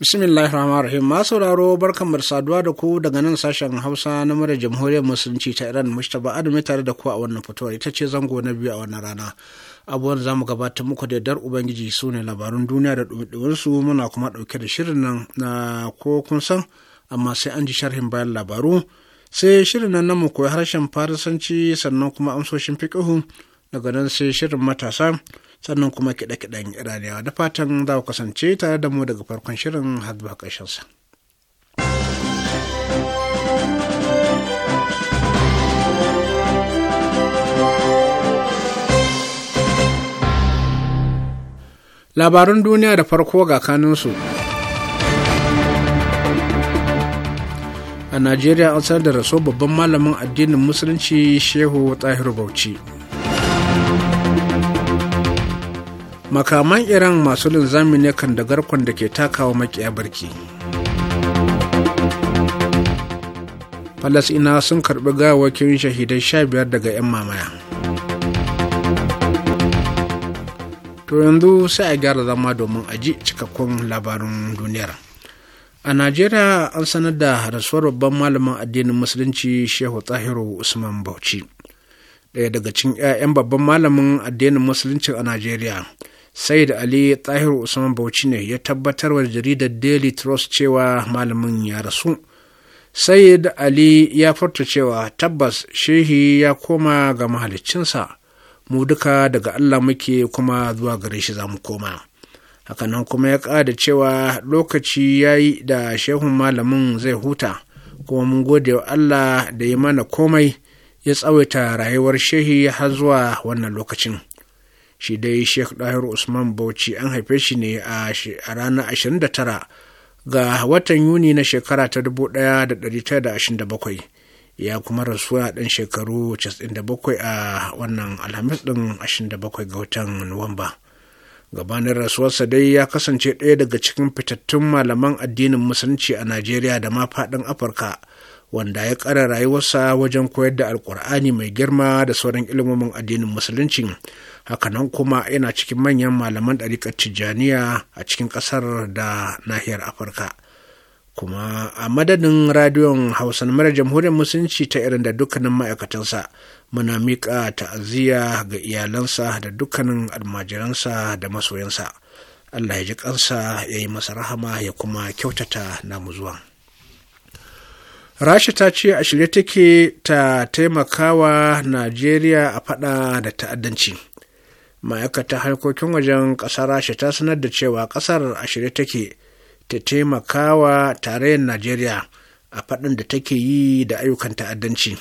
bismillahir rahmanir rahim ma sauraro barkan da saduwa da ku daga nan sashen hausa na murar jamhuriyar musulunci ta iran mustapha adami tare da ku a wannan fitowar ita ce zango na biyu a wannan rana abubuwan za mu gabatar muku da dar ubangiji su ne labarun duniya da ɗumin su muna kuma ɗauke da shirin nan na ko kun san amma sai an ji sharhin bayan labaru sai shirin nan mu koyi harshen farisanci sannan kuma amsoshin fiƙihu daga nan sai shirin matasa sannan kuma kiɗe-kiɗen iraniyawa da fatan za ku kasance tare da mu daga farkon shirin har zuwa ƙarshensa. Labarun duniya da farko ga kanunsu. A Najeriya an sanar da raso babban malamin addinin Musulunci Shehu Tahiru Bauchi. makaman iran masu linzami ne kan da garkon da ke takawa makiya barki falasina sun karbi gawakin shahidai sha biyar daga 'yan mamaya to yanzu sai a gyara zama domin aji cikakkun labarin duniyar a najeriya an sanar da rasuwar babban malamin addinin musulunci shehu tahiru usman bauchi daya daga cikin 'ya'yan babban malamin addinin musulunci a najeriya Said Ali Tahiru Usman Bauchi ne ya tabbatar wa jaridar Daily Trust cewa malamin ya rasu. Said Ali ya farta cewa tabbas shehi ya koma ga mahaliccinsa, mu duka daga Allah muke kuma zuwa gare shi za mu koma. Hakanan kuma ya ƙada cewa lokaci ya yi da shehun malamin zai huta, kuma mun gode wa Allah da ya mana komai ya tsawaita rayuwar shehi har zuwa wannan lokacin. shi dai sheikh dahir usman bauchi an haife shi ne a ranar 29 ga watan yuni na shekara ta 1927 ya kuma rasu a ɗan shekaru 97 a wannan alhamis ɗin 27 ga watan nuwamba gabanin rasuwarsa dai ya kasance ɗaya daga cikin fitattun malaman addinin musulunci a najeriya da ma faɗin afirka wanda ya ƙara rayuwarsa wajen koyar da alkur'ani mai girma da sauran ilimomin addinin musulunci hakanan kuma yana cikin manyan malaman ɗariƙar tijjaniya a cikin ƙasar da nahiyar afirka kuma a madadin radiyon hausa na mara jamhuriyar musulunci ta irin da dukkanin ma'aikatansa muna miƙa ta'aziyya ga iyalansa da dukkanin almajiransa da masoyansa allah ya ji kansa ya yi masa rahama ya kuma kyautata namu zuwa. rasha ta ce a shirye take ta taimakawa najeriya a fada da ta'addanci ma'aikatar harkokin wajen ƙasar rasha ta sanar da cewa ƙasar a shirye take ta taimakawa tarayyar najeriya a faɗin da take yi da ayyukan ta'addanci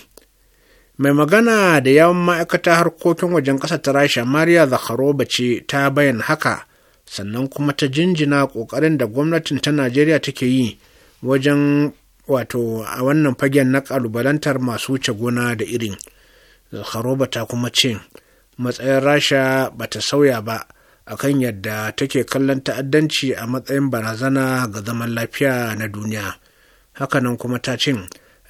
mai magana da yawan ma'aikata harkokin wajen ƙasar ta rasha maria zakharova ce ta bayan haka sannan kuma ta jinjina ƙoƙarin da gwamnatin ta najeriya take yi wajen wato a wannan fagen na kalubalantar masu wuce gona da irin zakaroba ta kuma ce matsayin rasha ba ta sauya ba a kan yadda take kallon ta'addanci a matsayin barazana ga zaman lafiya na duniya hakanan kuma ta ce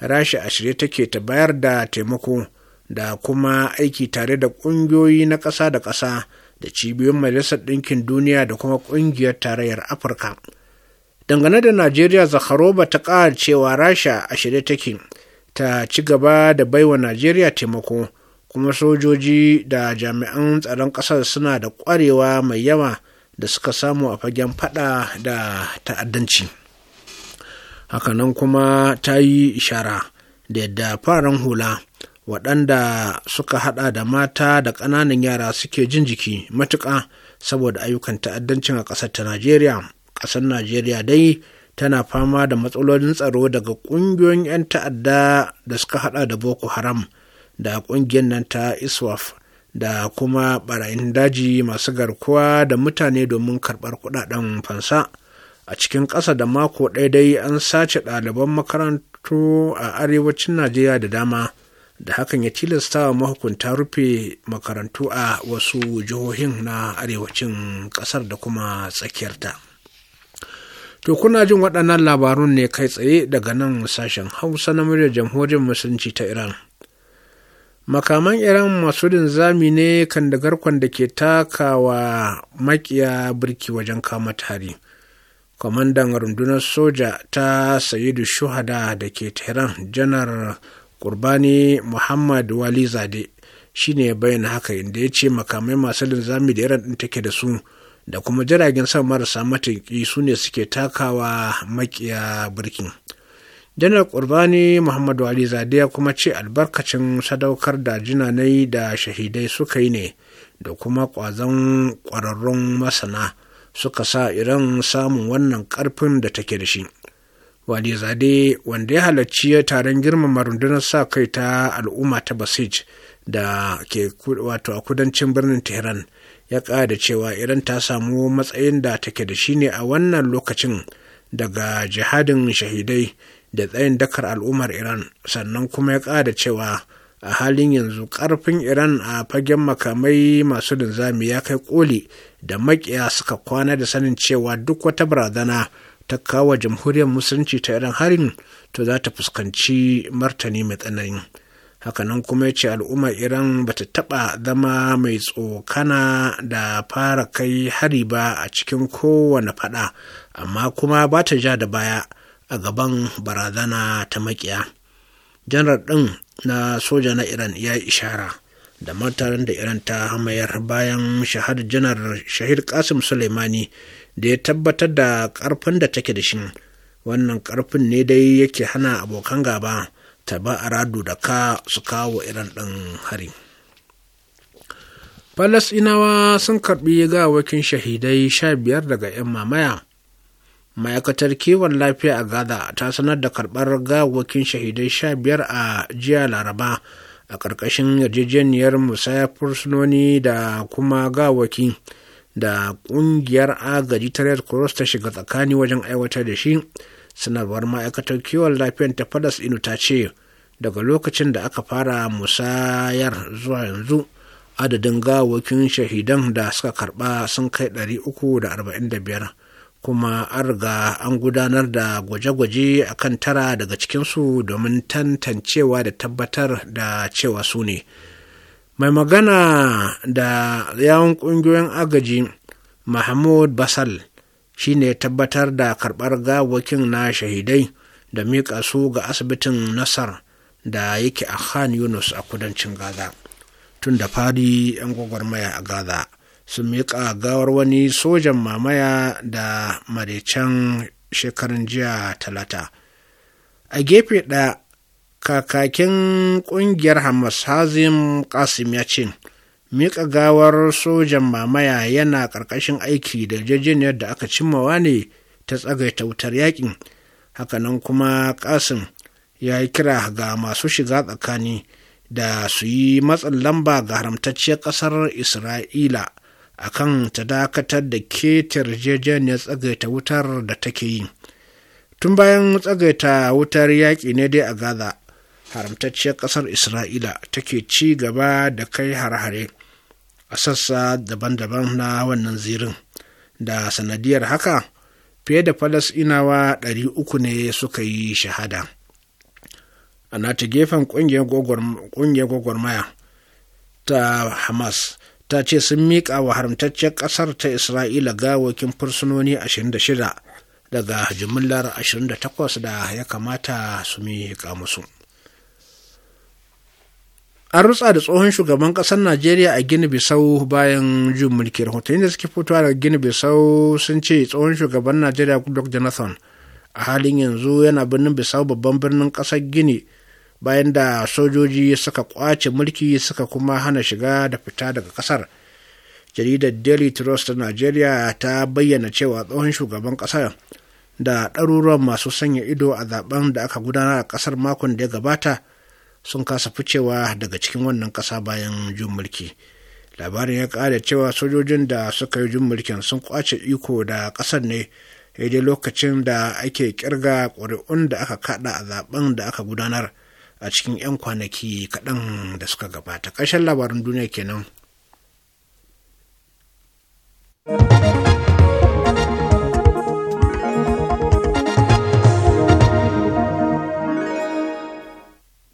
rasha a shirye take ta bayar da taimako da kuma aiki tare da ƙungiyoyi na ƙasa da ƙasa da cibiyoyin majalisar ɗinkin duniya da kuma ƙungiyar tarayyar afirka dangane da najeriya zakharova ta ƙara cewa rasha a shirye take ta ci gaba da baiwa najeriya taimako kuma sojoji da jami'an tsaron ƙasar suna da ƙwarewa mai yawa da suka samu a fagen fada da ta'addanci hakanan kuma ta yi ishara da yadda faran hula waɗanda suka hada da mata da ƙananan yara suke jin jiki matuƙa saboda ayyukan ta'addancin a ƙasar ta najeriya ƙasar najeriya dai tana fama da matsalolin tsaro daga ƙungiyoyin 'yan ta'adda da suka hada da boko haram da ƙungiyar nan ta iswaf da kuma barayin daji masu garkuwa da mutane domin karɓar kuɗaɗen fansa a cikin ƙasa da mako ɗaya dai an sace ɗaliban makarantu a arewacin najeriya da dama da hakan ya tilasta wa mahukunta rufe makarantu a wasu jihohin na arewacin ƙasar da kuma tsakiyarta. To kuna jin waɗannan labarun ne kai tsaye daga nan sashen Hausa na muryar jamhuriyar musulunci ta Iran. Makaman Iran masu linzami ne kan da garkon da ke takawa makiya birki wajen kama tari. Kwamandan rundunar soja ta Sayidu Shuhada da ke Tehran janar Kurbani Muhammad Wali Zade shi ne bayyana haka inda ya ce makamai masu linzami da Iran ɗin take da su. da kuma jiragen sama marasa matuƙi su ne suke takawa makiya birkin janar ƙurbani muhammadu ali zade ya kuma ce albarkacin sadaukar da jinanai da shahidai suka yi ne da kuma ƙwazon ƙwararrun masana suka sa iran samun wannan ƙarfin da take da shi wali zade wanda ya halarci taron girmama rundunar sa kai ta al'umma ta basij da ke wato a kudancin birnin tehran ya ƙada cewa iran ta samu matsayin da take da shi ne a wannan lokacin daga jihadin shahidai da tsayin dakar al'ummar iran sannan kuma ya ƙada cewa a halin yanzu ƙarfin iran a fagen makamai masu linzami ya kai koli da makiya suka kwana da sanin cewa duk wata barazana ta kawo jamhuriyar musulunci ta irin harin to za ta fuskanci martani mai tsanani hakanan kuma ya ce al'ummar iran ba ta taɓa zama mai tsokana da fara kai hari ba a cikin kowane faɗa amma kuma ba ta ja da baya a gaban barazana ta makiya janar ɗin na soja na iran ya ishara da martarin da iran ta mayar bayan shahadar janar shahid kasim suleimani da ya tabbatar da ƙarfin da take da shi wannan ƙarfin ne dai yake hana abokan gaba ta ba a rado da ka su kawo irin ɗin hari falasɗinawa sun karɓi gawakin shahidai sha biyar daga 'yan mamaya ma'aikatar kiwon lafiya a gaza ta sanar da karɓar gawakin shahidai sha biyar a jiya laraba a ƙarƙashin yarjejeniyar musaya fursunoni da kuma gawaki da ƙungiyar agaji ta red cross ta shiga tsakani wajen aiwatar da shi sanarwar ma'aikatar kiwon lafiyar ta fadas inu ta ce daga lokacin da aka fara musayar zuwa yanzu adadin gawokin shahidan da suka karba sun kai 345 kuma an riga an gudanar da gwaje-gwaje a kan tara daga cikinsu domin tantancewa da tabbatar da cewa su ne mai magana da yawon ƙungiyoyin agaji mahmud basal Shi shine tabbatar da karɓar gawakin na shahidai da miƙa su ga asibitin nasar da yake a khan yunus a kudancin gaza tun da fari 'yan gwagwarmaya a gaza sun miƙa gawar wani sojan mamaya da maraicen shekarun jiya talata a gefe ɗaya kakakin ƙungiyar hamas hazim kasim ya ce Mika gawar sojan mamaya yana ƙarƙashin aiki da yarjejeniyar da aka cimmawa ne ta tsagaita wutar yakin hakanan kuma kasim ya yi kira ga masu shiga tsakani da su yi matsin lamba ga haramtacciyar ƙasar isra'ila a kan ta dakatar da ketar yarjejeniyar tsagaita wutar da take yi tun bayan tsagaita wutar yaƙi ne dai a gaza haramtacciyar ƙasar isra'ila take ci gaba da kai har-hare a sassa daban-daban na wannan zirin da sanadiyar haka fiye da falasinawa uku ne suka yi shahada a nata gefen ƙungiyar gwagwarmaya ta hamas ta ce sun miƙa wa haramtaccen ƙasar ta isra'ila gawokin fursunoni 26 daga jimillar 28 da ya kamata su miƙa musu. an rutsa da tsohon shugaban ƙasar najeriya a gini bisau bayan jin mulki rahotanni da suke fitowa daga gini bisau sun ce tsohon shugaban najeriya goodluck jonathan a halin yanzu yana birnin bisau babban birnin ƙasar gini bayan da sojoji suka kwace mulki suka kuma hana shiga da fita daga ƙasar jaridar daily trust ta najeriya ta bayyana cewa tsohon shugaban ƙasar da ɗaruruwan masu sanya ido a zaben da aka gudanar a ƙasar makon da ya gabata sun kasa ficewa daga cikin wannan ƙasa bayan jin mulki labarin ya ƙara cewa sojojin da suka yi jin mulkin sun kwace iko da ƙasar ne daidai lokacin da ake kirga ƙuri'un da aka kada a zaben da aka gudanar a cikin 'yan kwanaki kaɗan da suka gabata ƙarshen labarin duniya kenan.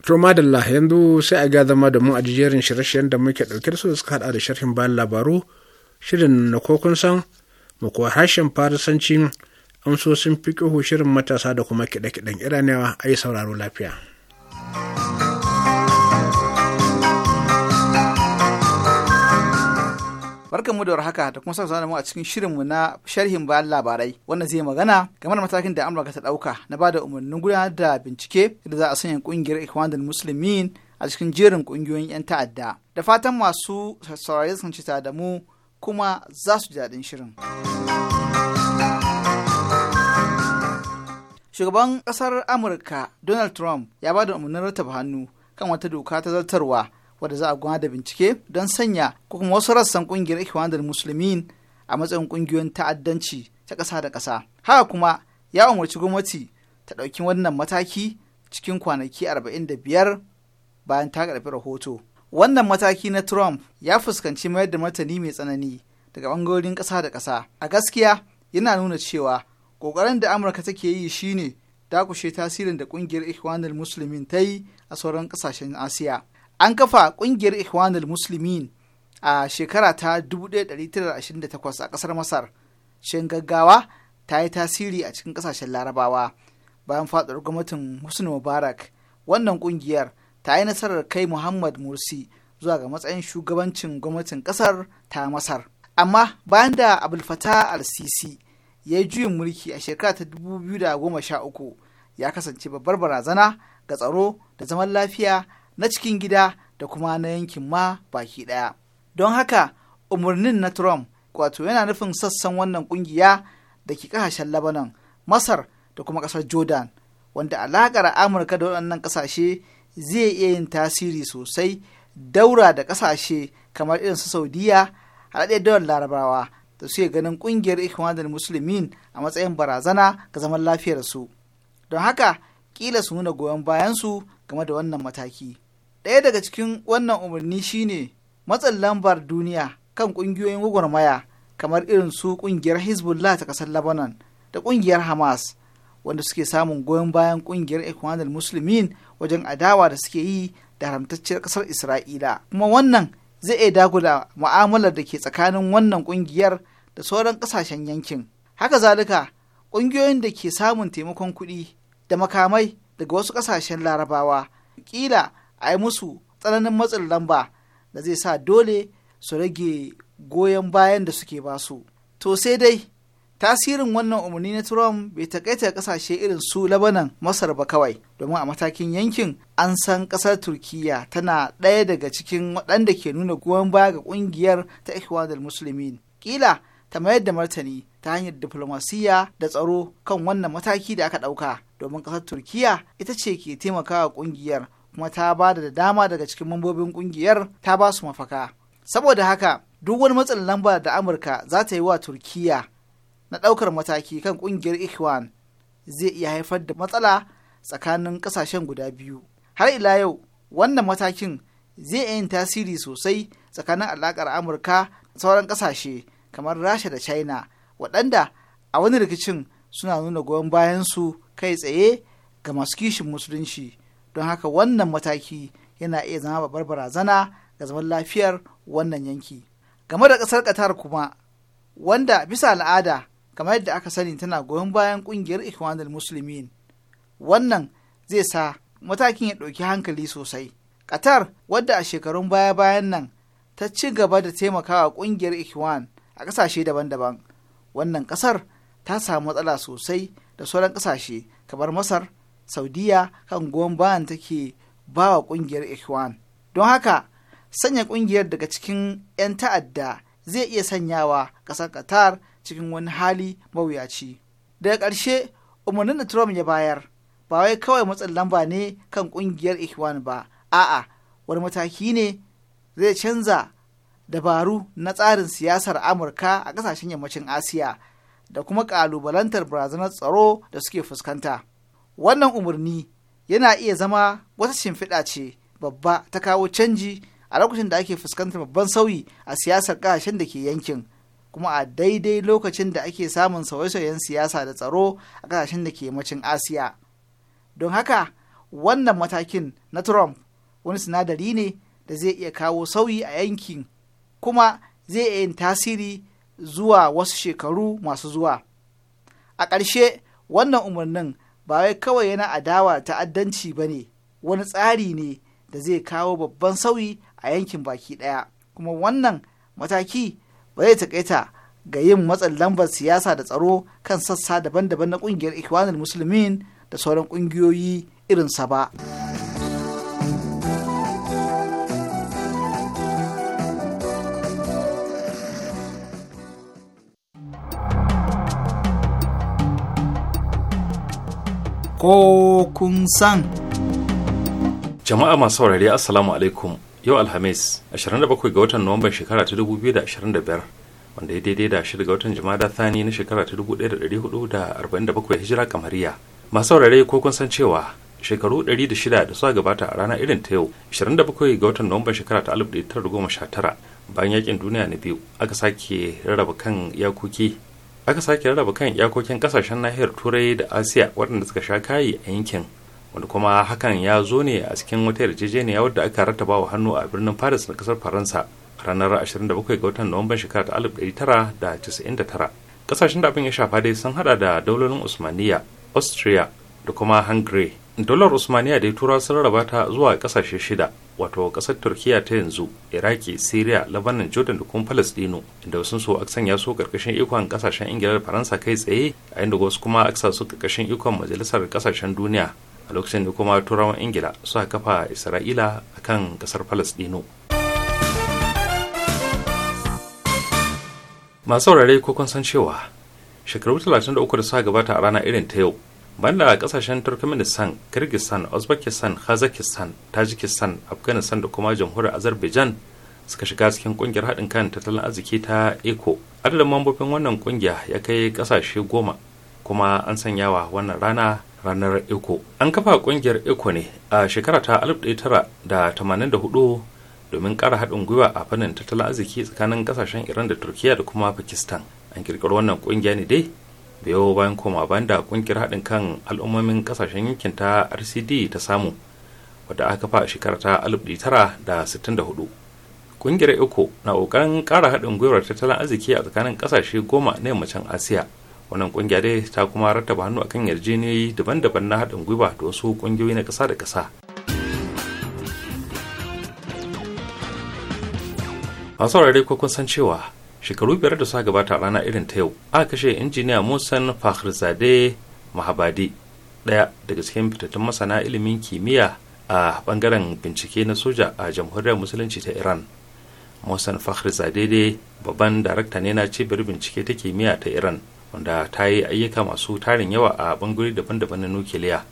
To yanzu sai a ga zama da mu a jerin shirye-shiryen da muke ɗauke da su suka haɗa da sharhin bayan labaru shirin na kokun san mu kuwa harshen sun fi kihu shirin matasa da kuma kiɗe-kiɗen iraniyawa a yi sauraro lafiya. Barkan mu da haka da kuma sauka da mu a cikin shirinmu na sharhin bayan labarai wanda zai magana game da matakin da Amurka ta dauka na bada umarnin gudanar da bincike da za a sanya kungiyar Ikhwanul Muslimin a cikin jerin kungiyoyin 'yan ta'adda. Da fatan masu saurari sun cita da mu kuma za su ji daɗin shirin. Shugaban ƙasar Amurka Donald Trump ya ba da umarnin rattaba hannu kan wata doka ta zartarwa wadda za a gudanar da bincike don sanya ko kuma wasu rassan ƙungiyar ikhwanul muslimin a matsayin ƙungiyoyin ta'addanci ta ƙasa da ƙasa haka kuma ya umarci gwamnati ta ɗauki wannan mataki cikin kwanaki arba'in da biyar bayan ta karɓi rahoto wannan mataki na trump ya fuskanci mayar da martani mai tsanani daga ɓangarorin ƙasa da ƙasa a gaskiya yana nuna cewa ƙoƙarin da amurka take yi shine dakushe tasirin da ƙungiyar ikhwanul muslimin ta yi a sauran ƙasashen asiya an kafa ƙungiyar ikhwanul muslimin a shekara ta 1928 a ƙasar masar shin gaggawa ta yi tasiri a cikin ƙasashen larabawa bayan fadar gwamnatin husni mubarak wannan ƙungiyar ta yi nasarar kai muhammad mursi zuwa ga matsayin shugabancin gwamnatin ƙasar ta masar amma bayan da abulfata al-sisi ya yi juyin mulki a shekara ta 2013 ya kasance babbar barazana ga tsaro da zaman lafiya na cikin gida da kuma na yankin ma baki ɗaya. Don haka umarnin na Trump wato yana nufin sassan wannan kungiya da ke ƙasashen Lebanon, Masar da kuma ƙasar Jordan, wanda alaƙar Amurka da waɗannan ƙasashe zai iya yin tasiri sosai daura da ƙasashe kamar irin su Saudiya, ɗaya dawar Larabawa da suke ganin ƙungiyar Ikhwanul Musulmin a matsayin barazana ga zaman lafiyarsu. Don haka, ƙila su nuna goyon bayansu game da wannan mataki. ɗaya daga cikin wannan umarni shine matsin lambar duniya kan ƙungiyoyin gwagwarmaya kamar irin su ƙungiyar hezbollah ta ƙasar lebanon da ƙungiyar hamas wanda suke samun goyon bayan ƙungiyar ikwanul musulmin wajen adawa da suke yi da haramtacciyar ƙasar isra'ila kuma wannan zai iya dagula mu'amalar da ke tsakanin wannan ƙungiyar da sauran ƙasashen yankin haka zalika ƙungiyoyin da ke samun taimakon kuɗi da makamai daga wasu ƙasashen larabawa kila a yi musu tsananin matsin lamba da zai sa dole su rage goyon bayan da suke basu. To sai dai tasirin wannan umarni na Trump bai takaita kasashe irin su Labanan Masar ba kawai domin a matakin yankin an san kasar Turkiyya tana ɗaya daga cikin waɗanda ke nuna goyon baya ga ƙungiyar ta Ikhwanul musulmi. ƙila ta mayar da martani ta hanyar diflomasiyya da tsaro kan wannan mataki da aka ɗauka domin ƙasar Turkiyya ita ce ke taimakawa ƙungiyar kuma ta ba da dama daga cikin mambobin kungiyar ta ba su mafaka saboda haka duk wani matsin lamba da amurka za ta yi wa turkiya na ɗaukar mataki kan kungiyar ikhwan zai iya haifar da matsala tsakanin ƙasashen guda biyu har ila yau wannan matakin zai iya yin tasiri sosai tsakanin alaƙar amurka da sauran ƙasashe kamar rasha da china waɗanda a wani rikicin suna nuna goyon su kai tsaye ga masu kishin musulunci don haka wannan mataki yana iya zama babbar barazana ga zaman lafiyar wannan yanki game da ƙasar qatar kuma wanda bisa al'ada kamar yadda aka sani tana goyon bayan ƙungiyar ikhwanul muslimin wannan zai sa matakin ya ɗauki hankali sosai qatar wadda a shekarun baya bayan nan ta ci gaba da taimakawa ƙungiyar ikhwan a ƙasashe daban-daban wannan ƙasar ta samu matsala sosai da sauran ƙasashe kamar masar saudiya kan goyon bayan take ba wa ƙungiyar ikhwan don haka sanya ƙungiyar daga cikin 'yan ta'adda zai iya sanyawa ƙasar qatar cikin wani hali mawuyaci daga ƙarshe umarnin da trump ya bayar ba wai kawai matsin lamba ne kan ƙungiyar ikhwan ba a'a wani mataki ne zai canza dabaru na tsarin siyasar amurka a ƙasashen yammacin asiya da kuma ƙalubalantar barazanar tsaro da suke fuskanta. wannan umarni yana iya zama wata shimfiɗa ce babba ta kawo canji a lokacin da ake fuskantar babban sauyi a siyasar ƙasashen da ke yankin kuma a daidai lokacin da ake samun sauye-sauyen siyasa da tsaro a ƙasashen da ke yammacin asiya don haka wannan matakin na trump wani sinadari ne da zai iya kawo sauyi a yankin kuma zai iya yin tasiri zuwa wasu shekaru masu zuwa a ƙarshe wannan umarnin ba wai kawai yana adawa ta'addanci ba ne wani tsari ne da zai kawo babban sauyi a yankin baki ɗaya kuma wannan mataki ba zai taƙaita ga yin matsin lambar siyasa da tsaro kan sassa daban-daban na ƙungiyar ikwanul musulmin da sauran ƙungiyoyi irinsa ba. ko kun san. Jama'a masu saurari Assalamu alaikum yau Alhamis 27 ga watan Nuwamban shekara ta 2025 wanda ya daidai da shirga watan Jama'a Thani na shekara ta 1447 hijira kamariya. Masu saurari ko kun san cewa shekaru 106 da suka gabata a rana irin ta yau 27 ga watan Nuwamban shekara ta 1919 bayan yakin duniya na biyu aka sake rarraba kan iyakoki aka sake rarraba kan iyakokin kasashen nahiyar turai da asiya waɗanda suka sha kayi a yankin wanda kuma hakan ya zo ne a cikin wata yarjejeniya wadda aka rattaba wa hannu a birnin paris na kasar faransa ranar 27 ga watan nuwamban shekara ta 1999 kasashen da abin ya shafa dai sun hada da daularin usmaniya austria da kuma hungary dolar usmaniya da ya tura sun raba ta zuwa kasashe shida wato kasar turkiya ta yanzu iraki syria labanin jordan da kuma palestino inda sun so aka sanya su karkashin ikon kasashen ingila da faransa kai tsaye a inda wasu kuma aka su karkashin ikon majalisar kasashen duniya a lokacin da kuma turawan ingila suka kafa isra'ila a kan kasar palestino masu saurare ko kun san cewa shekaru 33 da suka gabata a rana irin ta yau banda kasashen turkmenistan kyrgyzstan uzbekistan kazakistan tajikistan afghanistan da kuma jamhuriyar azerbaijan suka shiga cikin kungiyar haɗin kan tattalin arziki ta eco adadin mambobin wannan kungiya ya kai kasashe goma kuma an sanya wa wannan rana ranar eco an kafa kungiyar eco ne a shekara ta hudu domin ƙara haɗin gwiwa a fannin tattalin arziki tsakanin kasashen iran da turkiya da kuma pakistan an kirkiri wannan kungiya ne dai yau bayan koma banda kungiyar haɗin kan al'ummomin kasashen yankin ta rcd ta samu wadda aka fa a shekarar ta 1964 kungiyar eco na ƙoƙarin ƙara haɗin gwiwar tattalin arziki a tsakanin ƙasashe goma na yammacin asiya wannan kungiya dai ta kuma rattaba hannu akan yarjejeniyoyi daban-daban na haɗin gwiwa da wasu kungiyoyi na ƙasa da kasa masu saurari ko kun cewa shekaru biyar da suka gabata a rana irin ta yau a kashe injiniya musan fakhrizade mahabadi daya daga cikin fitattun masana ilimin kimiyya a bangaren bincike na soja a jamhuriyar musulunci ta iran musan fakhrizade dai babban darakta ne na cibiyar bincike ta kimiyya ta iran wanda ta yi ayyuka masu tarin yawa a bangarori daban-daban na nukiliya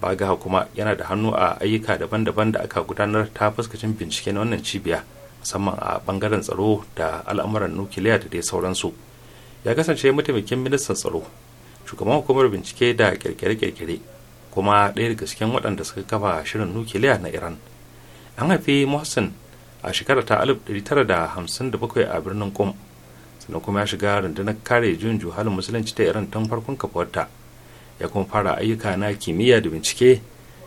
baga kuma yana da hannu a ayyuka daban-daban da aka gudanar ta fuskacin bincike na wannan cibiya musamman a bangaren tsaro da al'amuran nukiliya da dai sauransu ya kasance mataimakin ministan tsaro shugaban hukumar bincike da kirkire-kirkire kuma ɗaya daga cikin waɗanda suka kafa shirin nukiliya na iran an haifi mohsin a shekara ta 1957 a birnin kum sannan kuma ya shiga rundunar kare junju juhalin musulunci ta iran tun farkon kafuwarta ya kuma fara ayyuka na kimiyya da bincike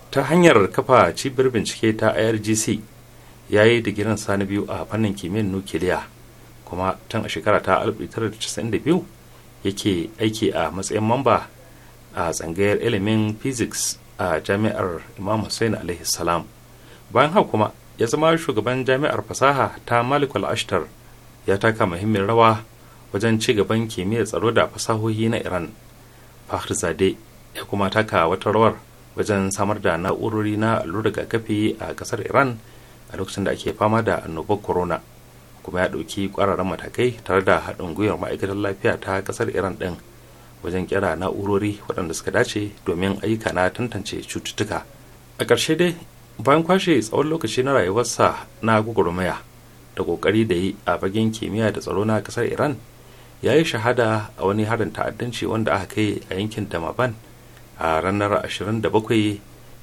ta hanyar kafa cibiyar bincike ta irgc ya yi digirin sani biyu a fannin kimiyyar nukiliya kuma tun a shekara ta 1992 yake aiki a matsayin mamba a tsangayar ilimin physics a jami'ar imam hussein alaihi salam bayan haka kuma ya zama shugaban jami'ar fasaha ta malik ashtar ya taka muhimmin rawa wajen ci gaban kimiyyar tsaro da fasahohi na iran fahrizade ya kuma taka wata rawar wajen samar da na'urori na ga kafi a kasar iran a lokacin da ake fama da annobar corona kuma ya ɗauki ƙwararren matakai tare da haɗin gwiwar ma'aikatar lafiya ta ƙasar iran ɗin wajen kira na'urori waɗanda suka dace domin ayyuka na tantance cututtuka a ƙarshe dai bayan kwashe tsawon lokaci na rayuwarsa na gwagwarmaya da ƙoƙari da yi a fagen kimiyya da tsaro na ƙasar iran ya yi shahada a wani harin ta'addanci wanda aka kai a yankin damaban a ranar 27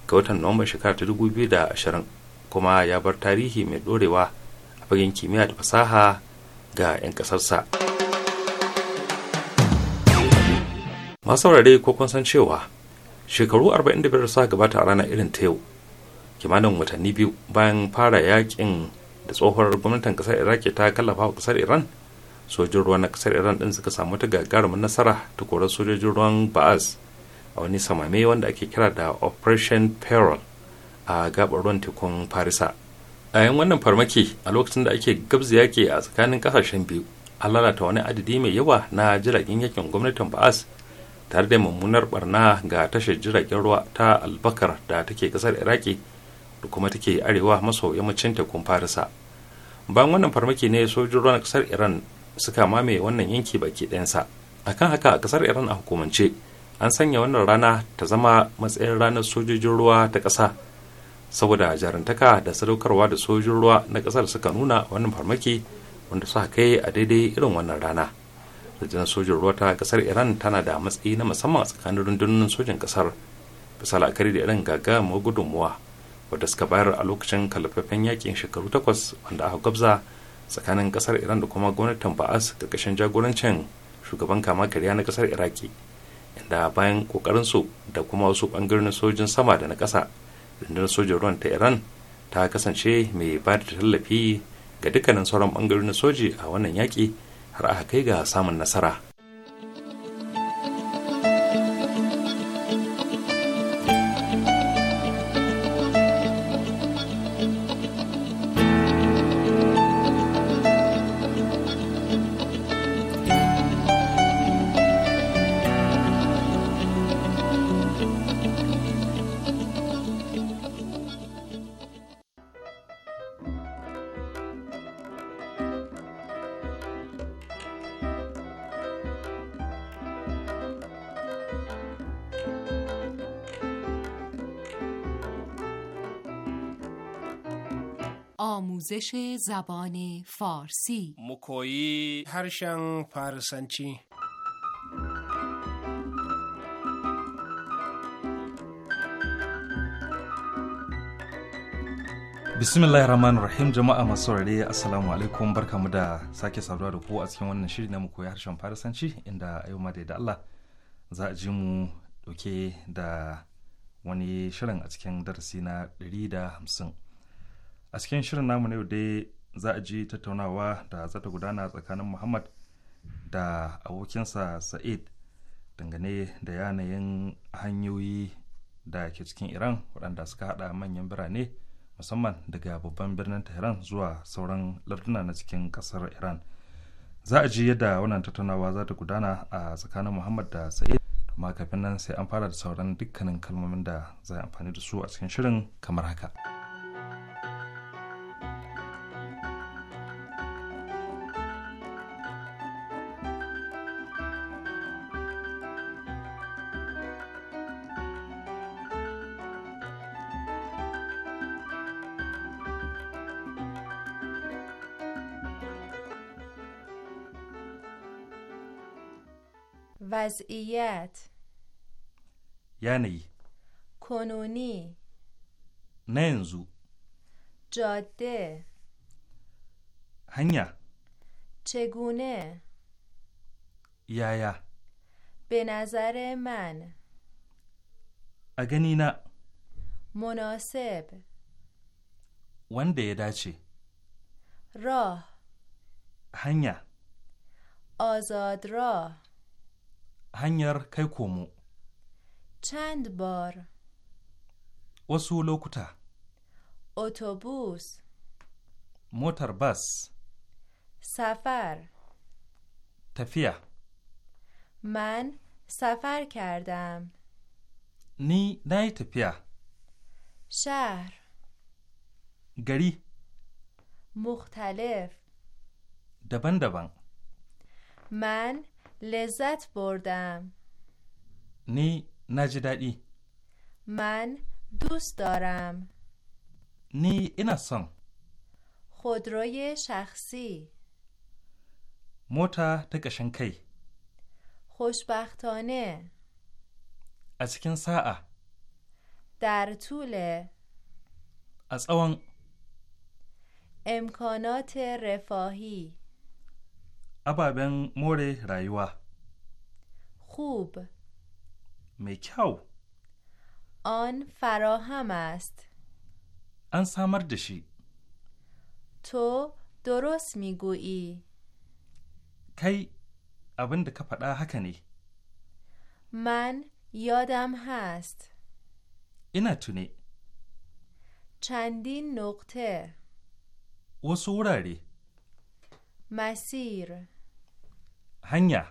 ga watan nuwamban shekara ta 2020 kuma ya bar tarihi mai ɗorewa a fagen kimiyya da fasaha ga 'yan ƙasarsa. masu saurare ko kun san cewa shekaru 45 sa gabata a ranar irin ta yau kimanin watanni biyu bayan fara yakin da tsohuwar gwamnatin kasar iraq ta kallafa wa kasar iran sojin ruwa na kasar iran din suka samu ta gagarumin nasara ta korar sojojin ruwan ba'az a wani samame wanda ake kira da operation peril a gabar ruwan tekun farisa a yan wannan farmaki a lokacin da ake gabza yaƙi a tsakanin ƙasashen biyu an lalata wani adadi mai yawa na jiragen yakin gwamnatin ba'as tare da mummunar barna ga tashar jiragen ruwa ta albakar da take ƙasar iraki da kuma take arewa maso yammacin tekun farisa bayan wannan farmaki ne sojin ruwan ƙasar iran suka mamaye wannan yanki baki ɗayansa akan haka a ƙasar iran a hukumance an sanya wannan rana ta zama matsayin ranar sojojin ruwa ta ƙasa saboda jarantaka da sadaukarwa da sojin ruwa na kasar suka nuna wannan farmaki wanda suka kai a daidai irin wannan rana rundunar sojin ruwa ta kasar iran tana da matsayi na musamman a tsakanin rundunonin sojin kasar bisa la'akari da irin ma gudunmuwa wadda suka bayar a lokacin kalafafen yakin shekaru takwas wanda aka gwabza tsakanin kasar iran da kuma gwamnatin ba'as karkashin jagorancin shugaban kama karya na kasar iraki inda bayan kokarin su da kuma wasu bangarorin sojin sama da na kasa rundunar sojin ruwan ta iran ta kasance mai ba da tallafi ga dukkanin sauran bangarori na soji a wannan yaƙi har aka kai ga samun nasara آموزش زبان فارسی مکویی هرشن فارسنچی bismillahir rahmanir rahim jama'a masu saurare assalamu alaikum barkamu da sake saduwa da ku a cikin wannan shiri na koyi harshen farisanci inda yau ma da Allah za a ji mu dauke da wani shirin a cikin darasi na 150 a cikin shirin namu na yau dai za a ji tattaunawa da za ta gudana tsakanin muhammad da abokinsa sa'id dangane da yanayin hanyoyi da ke cikin iran waɗanda suka hada manyan birane musamman daga babban birnin tehran zuwa sauran larduna na cikin ƙasar iran za a ji yadda wannan tattaunawa za ta gudana a tsakanin muhammad da sa'id amma kafin nan sai an fara da sauran dukkanin kalmomin da za a amfani da su a cikin shirin kamar haka. وضعیت یعنی کنونی ننزو جاده هنیا چگونه یایا به نظر من اگنی نه مناسب ونده دیده چی؟ راه هنیا آزاد راه hanyar kai komo. Chand bar. Wasu lokuta. Otobus. Motar bas. Safar. Tafiya. Man safar kardam. Ni na yi tafiya. Shahr. Gari. Muktalef. Daban-daban. Man. لذت بردم نی نجدی من دوست دارم نی اینسان خودروی شخصی موتا تکشنکی خوشبختانه از کن ساعه در طول از اون امکانات رفاهی ابابن more rayuwa خوب میکاو آن فراهم است ان سامر دشی تو درست میگویی کی ابند دکا پدا هکنی من یادم هست اینا نتونی. چندین نقطه وسوراری مسیر هنگا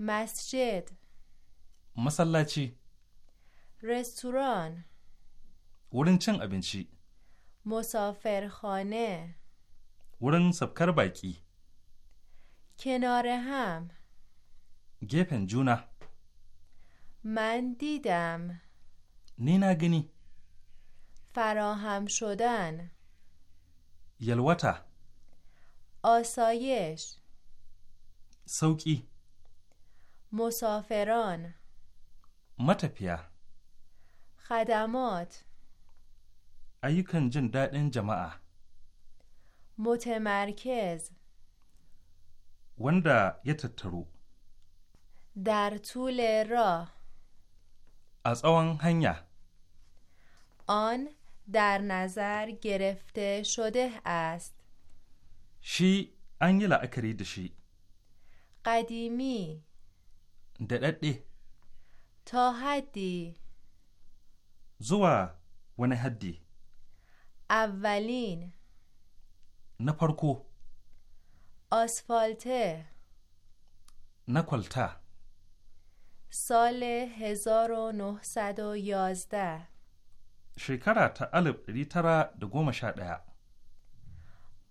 مسجد مسلاچی رستوران ورن چن ابینچی مسافرخانه ورن سبکر بایکی کنار هم گپنجونا جونا من دیدم نینا گنی فراهم شدن یلواتا آسایش سوکی مسافران متپیا خدمات ایوکن جن دادن جماعه متمرکز وندا یتترو در طول راه از آن هنیا آن در نظر گرفته شده است شی an yi la'akari da shi. Ƙadimi Daɗaɗɗe To haddi Zuwa wani haddi Avalin Na farko آسفالته نکلتا سال 1911 شکره تا الب ریترا دو گوم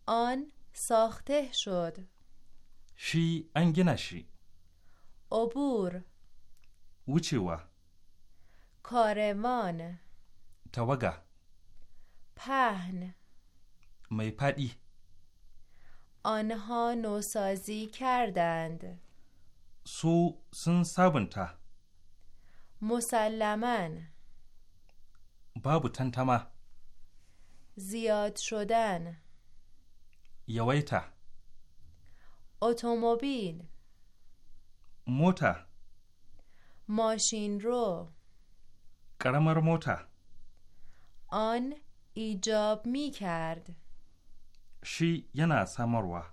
آن ساخته شد شی نشی عبور و کارمان توگا پهن میپدی آنها نوسازی کردند سو سن سابنتا مسلما بابو تنتما زیاد شدن yawaita automobil mota machine ro karamar mota on ijab mi shi yana samarwa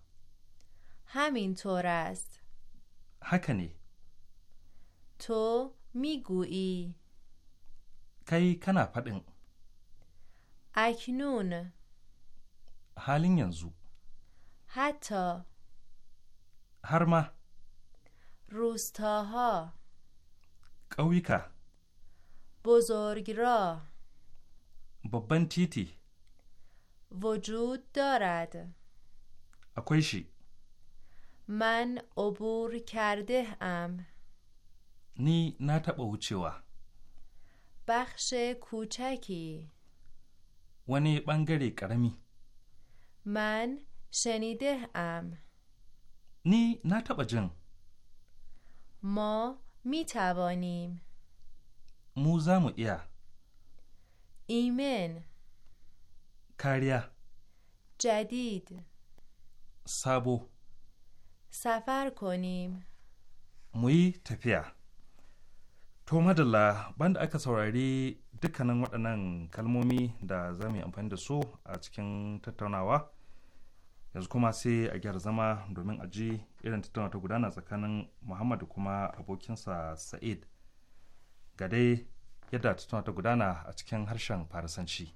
Hamintoras. Haka ne. حکنی تو میگویی کی کنا پدن اکنون حالین ینزو حتی هر ما روستاها قویکا بزرگ را ببن تیتی وجود دارد اکویشی من عبور کرده ام نی نتبه وچوا بخش کوچکی ونی بنگری کرمی من شنیده ام نی نه جن ما می توانیم موزم و ایا ایمن کاریا جدید سابو سفر کنیم muyi tafiya to madalla banda aka saurari dukkanin waɗannan kalmomi da za mu yi amfani da su a cikin tattaunawa yanzu kuma sai a gyara zama domin a ji irin tattauna ta gudana tsakanin muhammadu kuma abokinsa sa'id ga dai yadda tattauna ta gudana a cikin harshen farisanci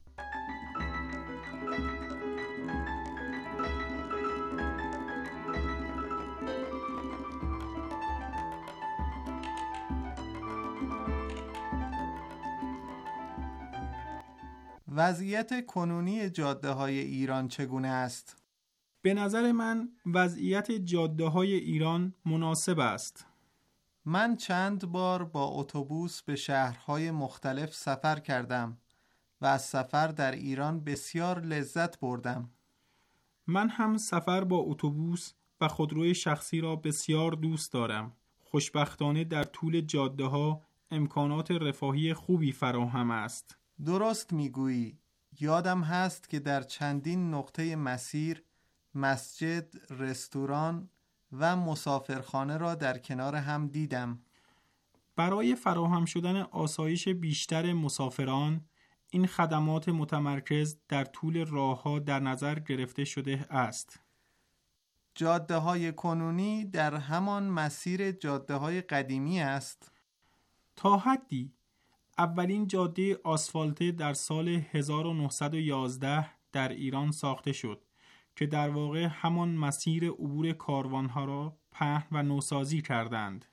وضعیت کنونی جاده های ایران چگونه است؟ به نظر من وضعیت جاده های ایران مناسب است. من چند بار با اتوبوس به شهرهای مختلف سفر کردم و از سفر در ایران بسیار لذت بردم. من هم سفر با اتوبوس و خودروی شخصی را بسیار دوست دارم. خوشبختانه در طول جاده ها امکانات رفاهی خوبی فراهم است. درست میگویی. یادم هست که در چندین نقطه مسیر مسجد، رستوران و مسافرخانه را در کنار هم دیدم. برای فراهم شدن آسایش بیشتر مسافران، این خدمات متمرکز در طول راهها در نظر گرفته شده است. جاده های کنونی در همان مسیر جاده های قدیمی است. تا حدی اولین جاده آسفالته در سال 1911 در ایران ساخته شد که در واقع همان مسیر عبور کاروانها را پهن و نوسازی کردند.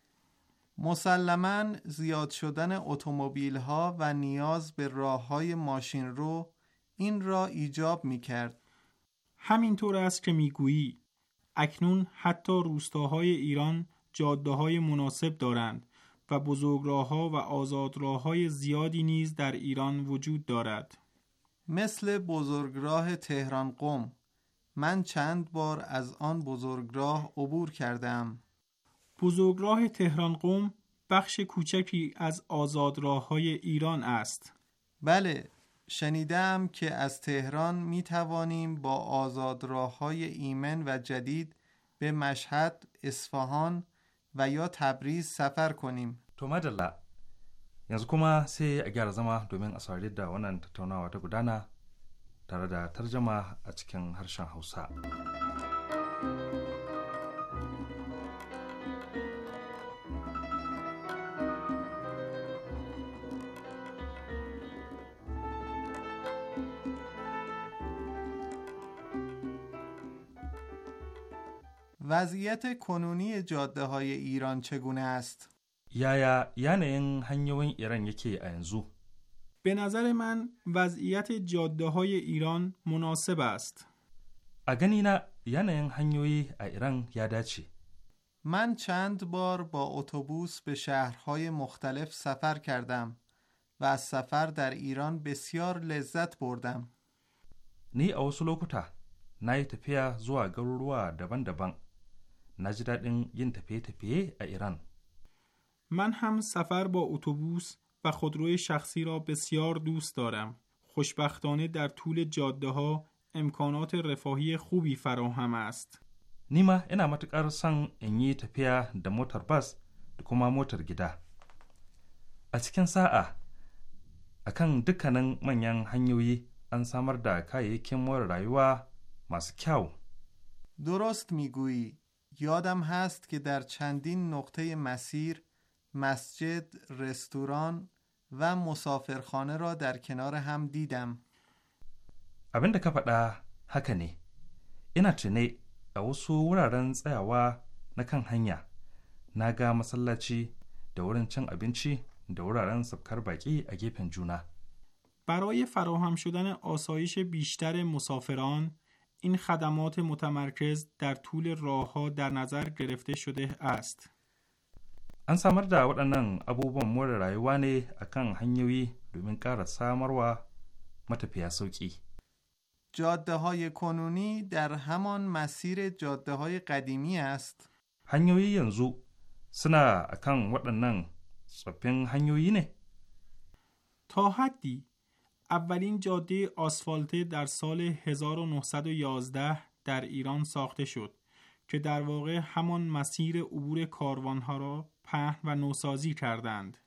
مسلما زیاد شدن اتومبیل ها و نیاز به راه های ماشین رو این را ایجاب می کرد. همینطور است که میگویی اکنون حتی روستاهای ایران جاده های مناسب دارند و بزرگراهها و آزادراههای زیادی نیز در ایران وجود دارد. مثل بزرگراه تهران قم من چند بار از آن بزرگراه عبور کردم بزرگراه تهران قوم بخش کوچکی از راه های ایران است بله شنیدم که از تهران می توانیم با آزادراه های ایمن و جدید به مشهد، اصفهان و یا تبریز سفر کنیم. تو مجله. یعنی کما سی اگر gyara دومین domin دا tare da tarjama a cikin harshen hausa وضعیت کنونی جاده های ایران چگونه است؟ یا یا یعنی این هنیوین ایران یکی انزو به نظر من وضعیت جاده های ایران مناسب است. اگنینا یعنی هنیوی ایران یادچی من چند بار با اتوبوس به شهرهای مختلف سفر کردم و از سفر در ایران بسیار لذت بردم. نی اوسلو کتا نای تپیا زوا گروروا دبن دبن نجدد این تفیه ا ایران من هم سفر با اتوبوس و خودروی شخصی را بسیار دوست دارم. خوشبختانه در طول جاده ها امکانات رفاهی خوبی فراهم است. نیما اینا متقر سن انی تپیا د موتر بس د کما موتر ا اچکن سا ا اکن دکنن منیان هنیوی ان سامر دا کایی کم ور رایوا درست میگویی. یادم هست که در چندین نقطه مسیر مسجد، رستوران و مسافرخانه را در کنار هم دیدم. abin da ka faɗa haka ne ina tune a wasu wuraren tsayawa na kan hanya na ga masallaci da wurin cin abinci da wuraren sabkar baƙi a gefen juna برای فراهم شدن آسایش بیشتر مسافران این خدمات متمرکز در طول راهها در نظر گرفته شده است an samar da waɗannan abubuwan more rayuwa ne akan hanyoyi domin ƙara samarwa matafiya sauƙi جاده های کنونی در همان مسیر جاده های قدیمی است. هنیوی ینزو سنا اکان ودنن سپین هنیوی نه. تا حدی اولین جاده آسفالته در سال 1911 در ایران ساخته شد که در واقع همان مسیر عبور کاروانها را پهن و نوسازی کردند.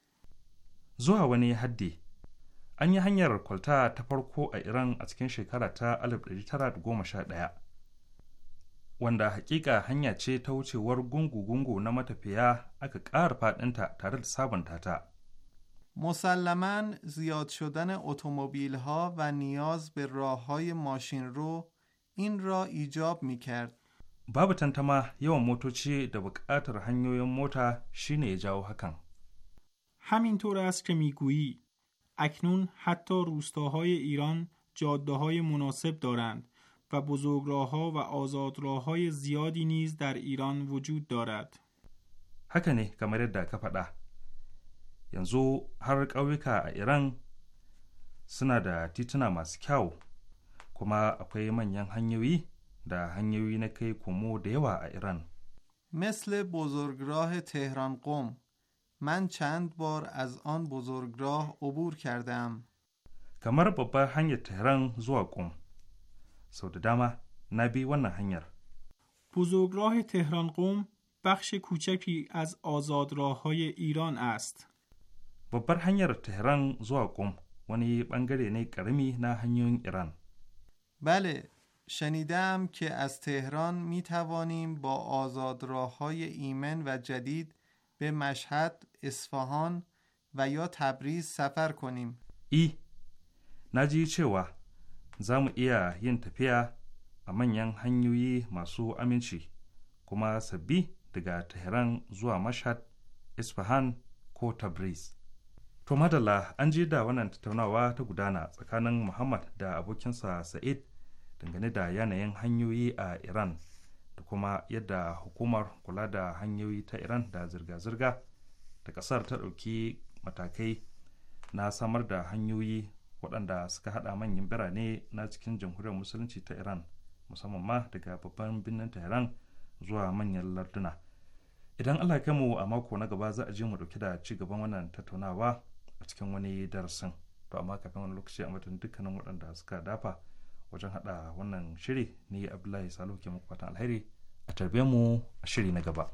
زوها ونی حدی an yi hanyar kwalta ta farko a Iran a cikin shekara ta 1911 wanda hakika hanya ce ta wucewar gungu-gungu na matafiya aka ƙara faɗinta tare da sabunta ta. مسلما زیاد شدن اتومبیل ها niyaz be به راه های in رو این mikard babu tantama yawan motoci da bukatar hanyoyin mota shine ya jawo hakan hamin همینطور است که میگویی اکنون حتی روستاهای ایران جاده های مناسب darand wa بزرگراهها و آزادراههای زیادی نیز در ایران وجود دارد. haka ne kamar yadda ka faɗa yanzu har ƙauyuka a iran suna da tituna masu kyau kuma akwai manyan hanyoyi kai komo da yawa دیوا ایران مثل بزرگراه تهران قم من چند بار از آن بزرگراه عبور کردم کمر بابا هنگ تهران زوا قم سود داما نبی و هنگر بزرگراه تهران قم بخش کوچکی از راه های ایران است بر هنگر تهران زوا قم ونی بنگره نی کرمی نه hanyoyin ایران. بله. شنیدم که از تهران می توانیم با آزاد راه های ایمن و جدید به مشهد، اصفهان و یا تبریز سفر کنیم. ای نجی چه و زم ایا ین تپیا امن ین هنیوی مسو امنشی چی کما سبی تهران زوا مشهد، اصفهان کو تبریز. تو الله. انجی دا ونان تتونا و تگودانا محمد دا ابو کنسا سعید dangane da yanayin hanyoyi a iran da kuma yadda hukumar kula da hanyoyi ta iran da zirga-zirga da kasar ta ɗauki matakai na samar da hanyoyi waɗanda suka haɗa manyan birane na cikin jamhuriyar musulunci ta iran musamman ma daga babban birnin tehran zuwa manyan larduna idan allah ya mu a mako na gaba za a je mu ɗauki da ci gaban wannan tattaunawa a cikin wani darasin to amma kafin wani lokaci a matan dukkanin waɗanda suka dafa wajen hada wannan shiri ni abdullahi salo ke muku fatan alheri a tarbe mu a shiri na gaba.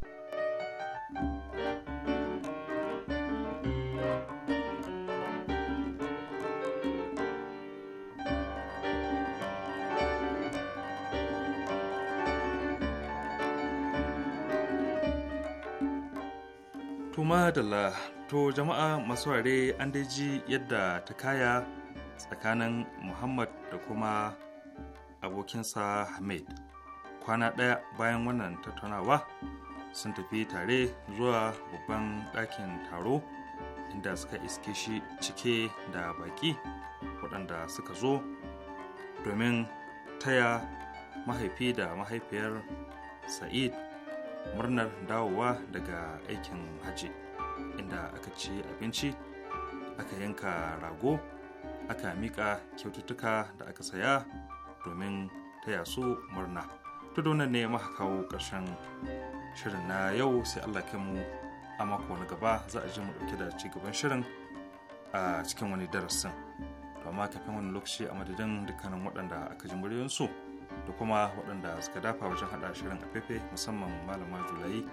Tuma to jama'a masu ware an daji yadda ta kaya tsakanin Muhammad da kuma abokinsa hamid kwana ɗaya bayan wannan tattaunawa sun tafi tare zuwa babban ɗakin taro inda suka iske shi cike da baƙi waɗanda suka zo domin taya mahaifi da mahaifiyar sa'id murnar dawowa daga aikin hajji inda aka ci abinci aka yanka rago aka miƙa kyaututtuka da aka saya domin taya su murna to na ne maka kawo ƙarshen shirin na yau sai allah mu a mako na gaba za a ji mu ɗauke da ci gaban shirin a cikin wani darasin to amma kafin wani lokaci a madadin dukkanin waɗanda aka ji muryansu da kuma waɗanda suka dafa wajen haɗa shirin afefe musamman malama julayi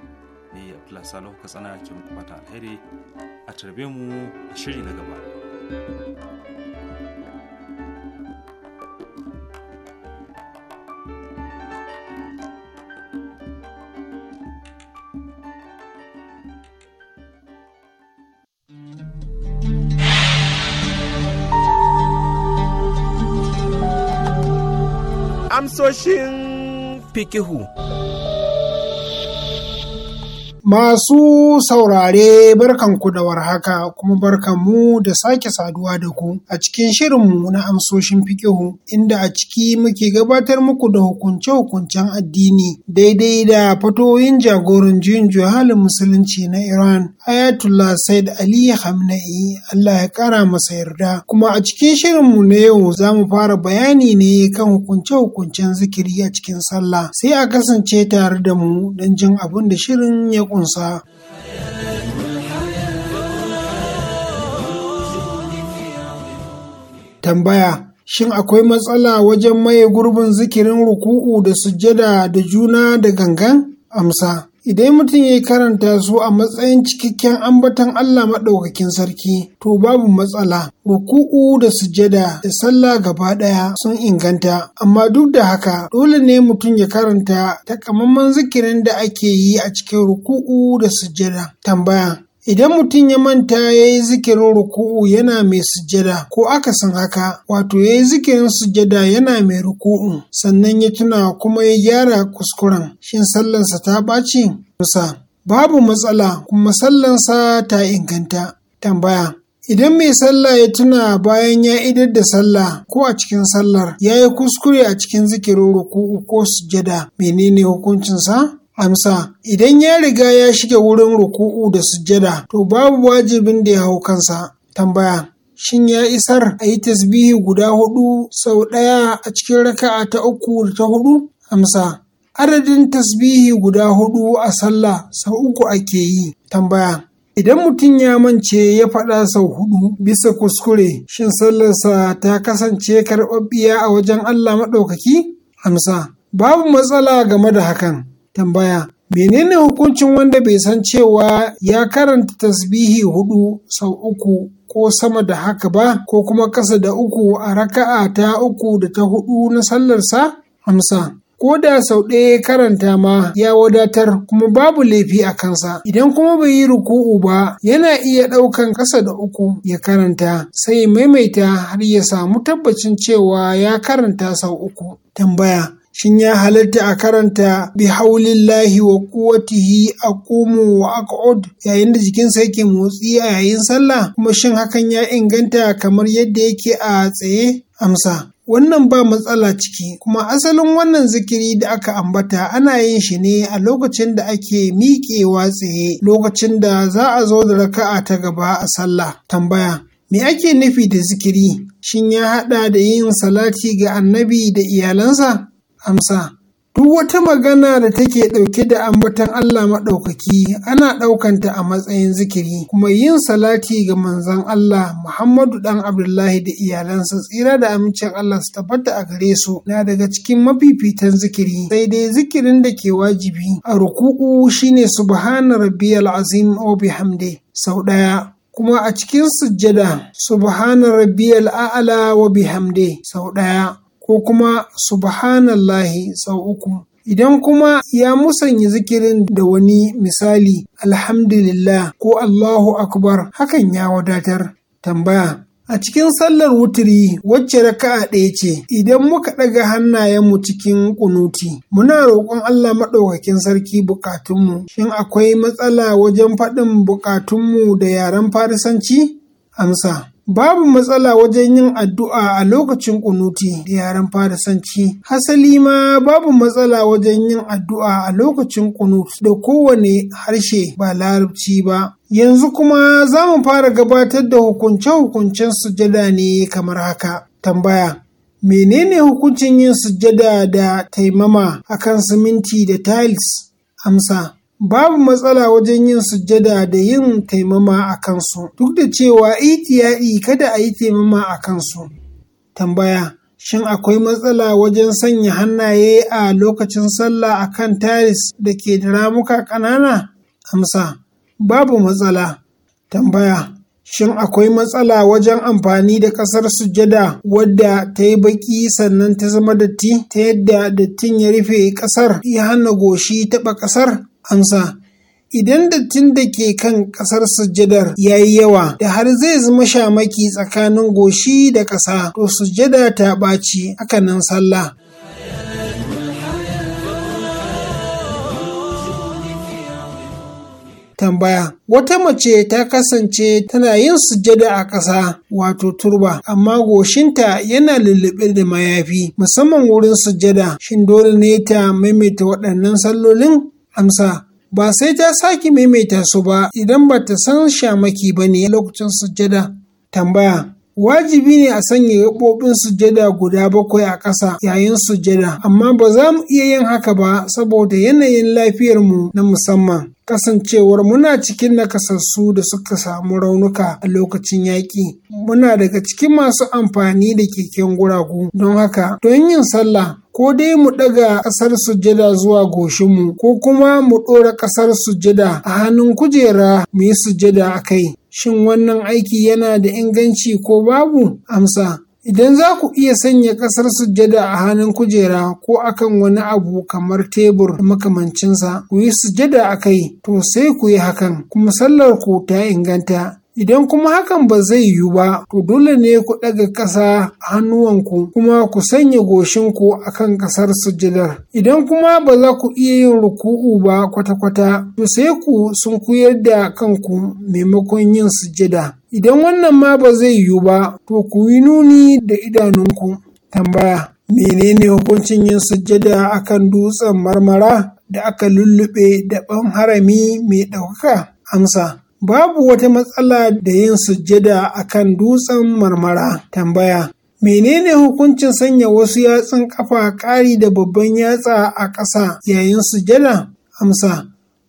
ne abdullahi salihu tsana ke muku fatan alheri a tarbe mu a shiri na gaba I'm amsoshin fikihu. Masu saurare barkanku da warhaka kuma barkanmu da sake saduwa da ku a cikin shirinmu na amsoshin fikihu inda a ciki muke gabatar muku da hukunce-hukuncen addini daidai da fatoyin jagoran juyin juhalin musulunci na Iran Ayatullah Said Ali Hamna'i Allah ya kara masa yarda kuma a cikin shirinmu na yau za mu fara bayani ne kan hukunce-hukuncen zikiri a cikin sallah sai a kasance tare da mu don jin abin da shirin ya ƙunsa. Tambaya Shin akwai matsala wajen maye gurbin zikirin ruku'u da sujjada da juna da gangan? Amsa Idan mutum ya karanta su a matsayin cikakken ambaton Allah maɗaukakin sarki, to babu matsala, ruku'u da sujada da sallah gaba ɗaya sun inganta, amma duk da haka dole ne mutum ya karanta takamaiman zikirin da ake yi a cikin ruku'u da sujada. Tambaya. Idan mutum ya manta ya yi zikirin ruku'u yana mai sujada ko aka san haka, wato ya yi zikirin sujada yana mai ruku'u, sannan ya tuna kuma ya gyara kuskuren, shin sallansa ta ɓaci? Musa, babu matsala kuma sallansa ta inganta. Tambaya, Idan mai sallah ya tuna bayan ya idar da sallah ko a cikin sallar ya yi kuskure a cikin zikirin ruku'u ko sujjada menene hukuncinsa? Amsa, idan ya riga ya shiga wurin ruku'u da sujjada, to babu wajibin da ya hau kansa. Tambaya, shin ya isar a yi tasbihi guda hudu sau ɗaya a cikin raka'a ta uku da ta hudu? Amsa, adadin tasbihi guda hudu a sallah sau uku ake yi. Tambaya, idan mutum ya mance ya faɗa sau hudu bisa kuskure, shin sallarsa ta kasance karɓaɓɓiya a wajen Allah maɗaukaki? Amsa, babu matsala game da hakan. Tambaya: Menene hukuncin wanda bai san cewa ya karanta tasbihi huɗu sau uku ko sama da haka ba ko kuma ƙasa da uku a raka'a ta uku da ta hudu na sallarsa? Amsa: ko da sau ɗaya karanta ma ya wadatar kuma babu laifi a kansa idan kuma bai yi ruku'u ba yana iya ɗaukan ƙasa da uku ya karanta sai maimaita har ya samu tabbacin cewa ya karanta sau uku tambaya shin ya halatta a karanta bi haulillahi wa a komo wa aq'ud yayin da jikinsa yake motsi a yayin sallah kuma shin hakan ya inganta kamar yadda yake a tsaye amsa wannan ba matsala ciki kuma asalin wannan zikiri da aka ambata ana yin shi ne a lokacin da ake miƙewa tsaye lokacin da za a zo da raka'a ta gaba a sallah tambaya me ake nufi da zikiri shin ya haɗa da yin salati ga annabi da iyalansa Amsa: Duk wata magana da take ɗauke da ambatan Allah Maɗaukaki ana ɗaukanta a matsayin zikiri, kuma yin salati ga Manzon Allah Muhammadu ɗan Abdullahi da iyalansa tsira da amincin Allah su tabbata a gare su na daga cikin mafifitan zikiri, sai dai zikirin da ke wajibi a ruku'u shine subhana rabbiyal azim wa sau ɗaya. Kuma a cikin sujjada, subhana rabbiyal a'ala wa bihamdi sau ɗaya. ko kuma subhanallahi sau uku. Idan kuma ya musanyi zikirin da wani misali alhamdulillah ko Allahu akbar hakan ya wadatar. Tambaya A cikin sallar wuturi wacce raka'a ɗaya ce, idan muka ɗaga hannayenmu cikin kunuti, muna roƙon Allah maɗaukakin sarki buƙatunmu, shin akwai matsala wajen faɗin buƙatunmu da yaren farisanci? Amsa. Babu matsala wajen yin addu'a a lokacin kunuti da yaren Farisanci. Hasali ma babu matsala wajen yin addu'a a lokacin Kunuti da kowane harshe ba larabci ba. Yanzu kuma za mu fara gabatar da hukunce-hukuncen sujada ne kamar haka. Tambaya. Menene hukuncin yin sujada da taimama akan siminti da tiles? Amsa. babu matsala wajen yin sujjada da yin taimama a kansu, duk da cewa itiyaɗi kada a yi taimama a kansu. Tambaya Shin akwai matsala wajen sanya hannaye a lokacin sallah a kan taris da ke da ramuka ƙanana? Amsa Babu matsala. Tambaya Shin akwai matsala wajen amfani da ƙasar sujjada wadda ta yi baƙi sannan ta zama datti ta yadda dattin ya rufe ƙasar ya hana goshi taɓa ƙasar? Amsa. idan dattin da ke kan ƙasar sujjadar ya yi yawa da har zai zama shamaki tsakanin goshi da ƙasa to sujjada ta ɓaci nan sallah tambaya wata mace ta kasance tana yin sujjada a ƙasa wato turba amma goshinta yana lullube da mayafi musamman wurin sujjada shin dole ne ta maimaita waɗannan sallolin amsa ba sai ta sake maimaita su ba idan ba ta san shamaki ba ne lokacin sujjada tambaya wajibi ne a sanya gaɓoɓin sujada guda bakwai a ƙasa yayin sujada amma ba za mu iya yin haka ba saboda yanayin lafiyar mu na musamman kasancewar muna cikin nakasassu da suka samu raunuka a lokacin yaƙi muna daga cikin masu amfani da keken guragu don haka don yin sallah ko dai mu ɗaga ƙasar sujada zuwa goshinmu ko kuma mu ɗora ƙasar sujada a hannun kujera mu yi sujada a kai shin wannan aiki yana da inganci ko babu? Amsa, idan za ku iya sanya ƙasar sujjada a hannun kujera ko akan wani abu kamar tebur makamancinsa, ku yi sujjada a kai, to sai ku yi hakan, kuma sallar ku ta inganta. Idan kuma hakan ba zai yiwu ba, to dole ne ku ɗaga ƙasa hannuwanku kuma ku sanya goshinku a kan ƙasar sujjadar. Idan kuma ba za ku iya yin ruku'u ba kwata-kwata, to sai ku sun kuyar da kanku maimakon yin sujjada. Idan wannan ma ba zai yiwu ba, to ku yi nuni da idanunku. Tambaya. Menene hukuncin yin sujjada kan dutsen marmara da aka lullube da ɓan harami mai ɗaukaka? Amsa. Babu wata matsala da yin sujjada a kan dutsen marmara. Tambaya. Menene hukuncin sanya wasu yatsun kafa ƙari da babban yatsa a ƙasa yayin sujjada? Amsa.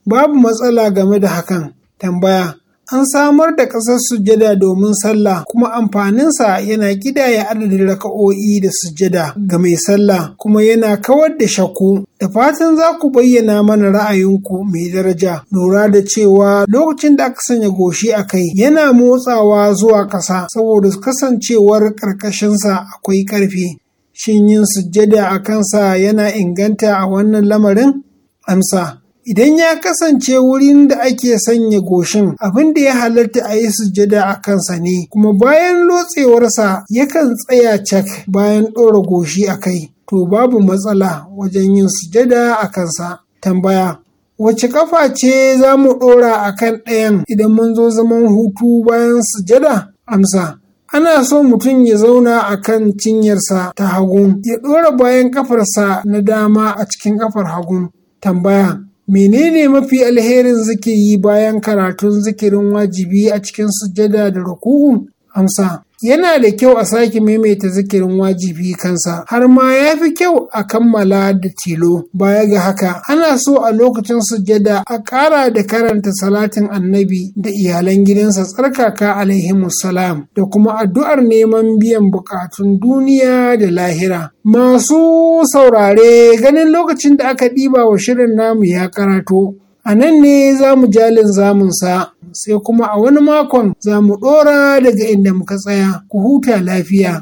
Babu matsala game da hakan. Tambaya. An samar da ƙasar sujada domin sallah kuma amfaninsa yana ƙidaya adadin raka'o'i da sujada ga mai sallah kuma yana kawar da shakku. Da fatan za ku bayyana mana ra'ayinku mai daraja, lura da cewa lokacin da aka sanya goshi a kai yana motsawa zuwa ƙasa saboda kasancewar ƙarƙashinsa akwai ƙarfi. Shin yin sujada a kansa yana inganta a wannan lamarin? Amsa. Idan ya kasance wurin da ake sanya goshin abin da ya halatta a yi sujjada a kansa ne, kuma bayan lotsewarsa yakan tsaya cak bayan ɗora goshi a kai, to babu matsala wajen yin sujjada a kansa. Tambaya Wace kafa ce za mu ɗora a kan ɗayan idan mun zo zaman hutu bayan sujada? Amsa. Ana so mutum ya zauna a kan cinyarsa ta hagu, ya ɗora bayan ƙafarsa na dama a cikin ƙafar hagu. Tambaya. Menene mafi alherin zikiri bayan karatun zikirin wajibi a cikin sujada da ruku'u? amsa yana da kyau a sake maimaita zikirin wajibi kansa har ma ya fi kyau a kammala da tilo baya ga haka ana so a lokacin sujada a ƙara da karanta salatin annabi da iyalan gidansa tsarkaka alaihimussalam da kuma addu'ar neman biyan buƙatun duniya da lahira masu saurare ganin lokacin da aka ɗiba wa shirin namu ya karato A nan ne za mu jalin zamunsa, sai kuma a wani makon za mu ɗora daga inda muka tsaya, ku huta lafiya.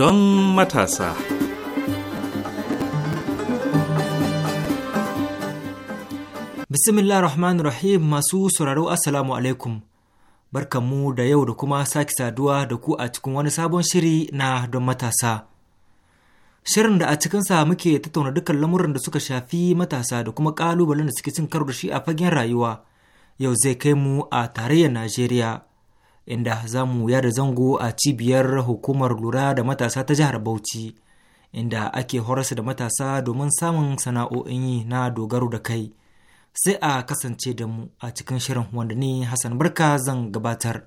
don matasa. Bismillah Rahman Rahim masu sauraro Assalamu alaikum. Barkanmu da yau da kuma sake saduwa da ku a cikin wani sabon shiri na don matasa. Shirin da a cikinsa muke tattauna dukkan lamurin da suka shafi matasa da kuma ƙalubalen da suke cin karo da shi a fagen rayuwa. Yau zai kai mu a tarayyar Najeriya. inda za mu yada zango a cibiyar hukumar lura da matasa ta jihar Bauchi inda ake horasa da matasa domin samun sana'o'in yi na dogaro da kai sai a kasance da mu a cikin shirin wanda ni Hassan Barka zan gabatar.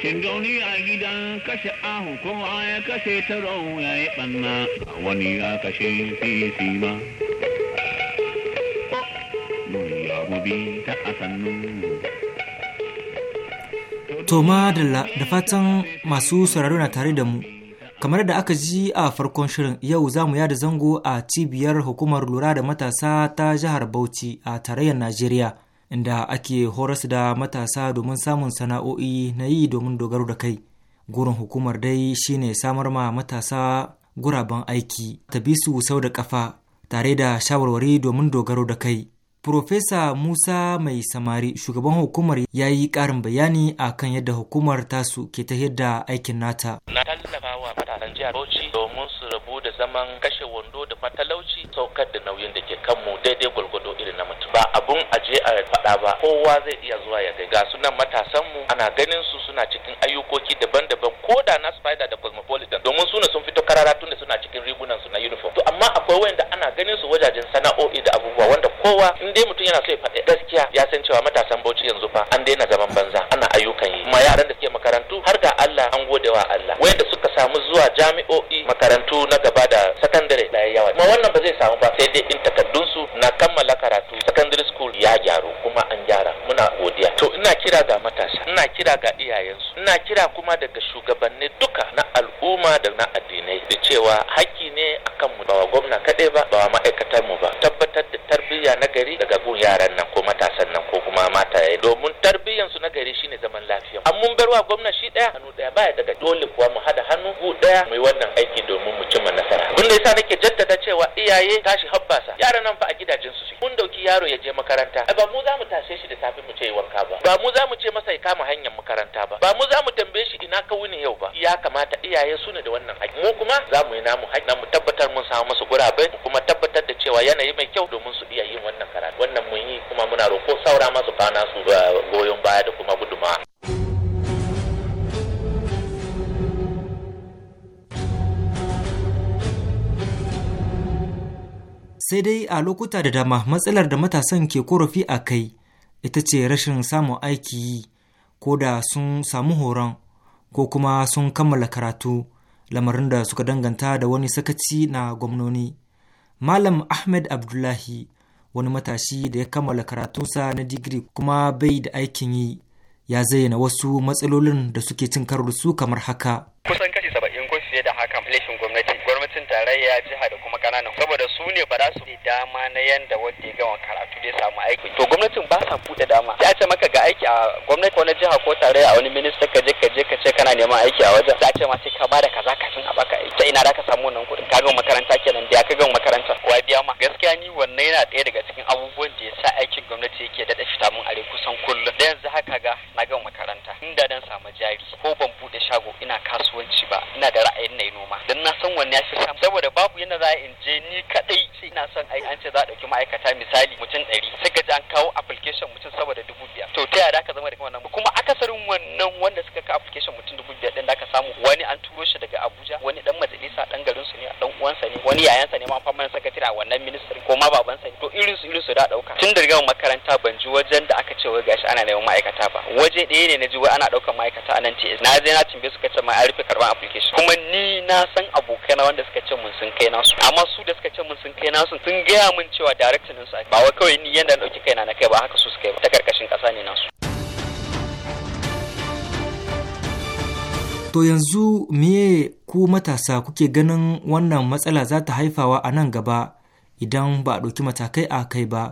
Shin gauni a gidan kashe ahu kowa ya kashe taro ya yi ɓanna wani ya kashe fi ma. gobe da fatan masu sauraro na tare da mu. Kamar da aka ji a farkon shirin yau za mu yada zango a cibiyar hukumar lura da matasa ta jihar Bauchi a tarayyar Najeriya inda ake horas da matasa domin samun sana'o'i na yi domin dogaro da kai. Gurin hukumar dai shine samar ma matasa guraben aiki ta bi su sau da kafa tare da shawarwari domin dogaro da kai Profesa Musa Mai Samari shugaban hukumar ya yi ƙarin bayani a kan yadda hukumar tasu ke ta yadda aikin nata. Na tallafa wa matasan jihar Bauchi domin su rabu da zaman kashe wando da matalauci saukar da nauyin da ke kanmu daidai abun aje a faɗa ba kowa zai iya zuwa ya ga sunan mu ana ganin su suna cikin ayyukoki daban-daban ko da na spider da cosmopolitan domin suna sun fito karara tunda suna cikin rigunan su na uniform to amma akwai wanda ana ganin su wajajen sana'o'i da abubuwa wanda kowa in dai mutum yana so ya faɗi gaskiya ya san cewa matasan bauchi yanzu fa an daina zaman banza ana ayyukan yi kuma yaran da suke makarantu har ga Allah an gode wa Allah wanda suka samu zuwa jami'o'i makarantu na gaba da sakandare da yawa kuma wannan ba zai samu ba sai dai in takaddun su na kammala karatu sakandare ina kira ga matasa ina kira ga iyayensu ina kira kuma daga shugabanni duka na al'umma da na addinai da cewa haƙƙi ne akan mu ba wa gwamna kaɗai ba ba wa ma'aikatar mu ba tabbatar da tarbiyya na gari daga gun yaran nan ko matasan nan ko kuma mataye domin tarbiyyan su na gari shine zaman lafiya an mun bar wa gwamna shi ɗaya hannu ɗaya baya daga dole kuwa mu hada hannu gu ɗaya mu yi wannan aiki domin mu cimma nasara abin da yasa nake jaddada cewa iyaye tashi habbasa yaran nan fa a gidajensu yaro ya je makaranta ba mu za mu tashe shi da safe mu ce wanka ba ba mu za mu ce masa ya kama hanyar makaranta ba ba mu za mu tambaye shi ina ka wuni yau ba ya kamata iyaye su ne da wannan haƙƙi mu kuma za mu yi namu haƙƙi mu tabbatar mun samu masu gurabe mu kuma tabbatar da cewa yanayi mai kyau domin su iya yin wannan karatu wannan mun yi kuma muna roƙo saura masu kana su ah, goyon baya da kuma guduma sai dai a lokuta da dama matsalar da matasan ke korafi a kai ita ce rashin samun aiki yi ko da sun samu horon ko kuma sun kammala karatu lamarin da suka danganta da wani sakaci na gwamnoni malam ahmed abdullahi wani matashi da ya kammala karatunsa na digiri kuma bai da aikin yi ya zayyana wasu matsalolin da suke cin karo su kamar haka kusan kashi tarayya jiha da kuma kananan saboda su ne ba za su yi dama na yanda wanda ya gama karatu zai samu aiki to gwamnatin ba sa buɗe dama ya ce maka ga aiki a gwamnati ko na jiha ko tarayya a wani minista ka je ka je ka ce kana neman aiki a wajen za ce ma sai ka bada kaza kafin a baka aiki ta ina za ka samu wannan kuɗin ka gama makaranta kenan da ya ka gama makaranta wa biya ma gaskiya ni wannan yana ɗaya daga cikin abubuwan da ya sa aikin gwamnati yake daɗa fita min are kusan kullum da yanzu haka ga na gama makaranta inda dan samu jari ko ban buɗe shago ina kasuwanci ba ina da ra'ayin na yi noma dan na san wanne ya fi samu saboda babu yadda za in je ni kadai ina son ai an ce za a dauki ma'aikata misali mutum ɗari sai ka an kawo application mutum saboda dubu biyar to ta yaya ka zama da wannan kuma akasarin wannan wanda suka ka application mutum dubu biyar ɗin da ka samu wani an turo shi daga Abuja wani dan majalisa dan garin su ne dan uwansa ne wani yayansa ne ma famman sakatare a wannan ministry ko ma babansa ne to irin su irin su da dauka tun daga makaranta ban ji wajen da aka ce wai gashi ana neman ma'aikata ba waje ɗaya ne na ji wai ana daukan ma'aikata a nan TS na je na tambaye suka ce ma an rufe karban application kuma ni na san abokai na wanda suka ce mun sun kai nasu amma su da suka ce mun sun kai nasu sun gaya mun cewa direction din su ba wai kawai ni yanda na dauki kaina na kai ba haka su suka yi ta karkashin kasa ne nasu To yanzu miye ku matasa kuke ganin wannan matsala za ta haifawa a nan gaba idan ba a ɗauki matakai a kai ba,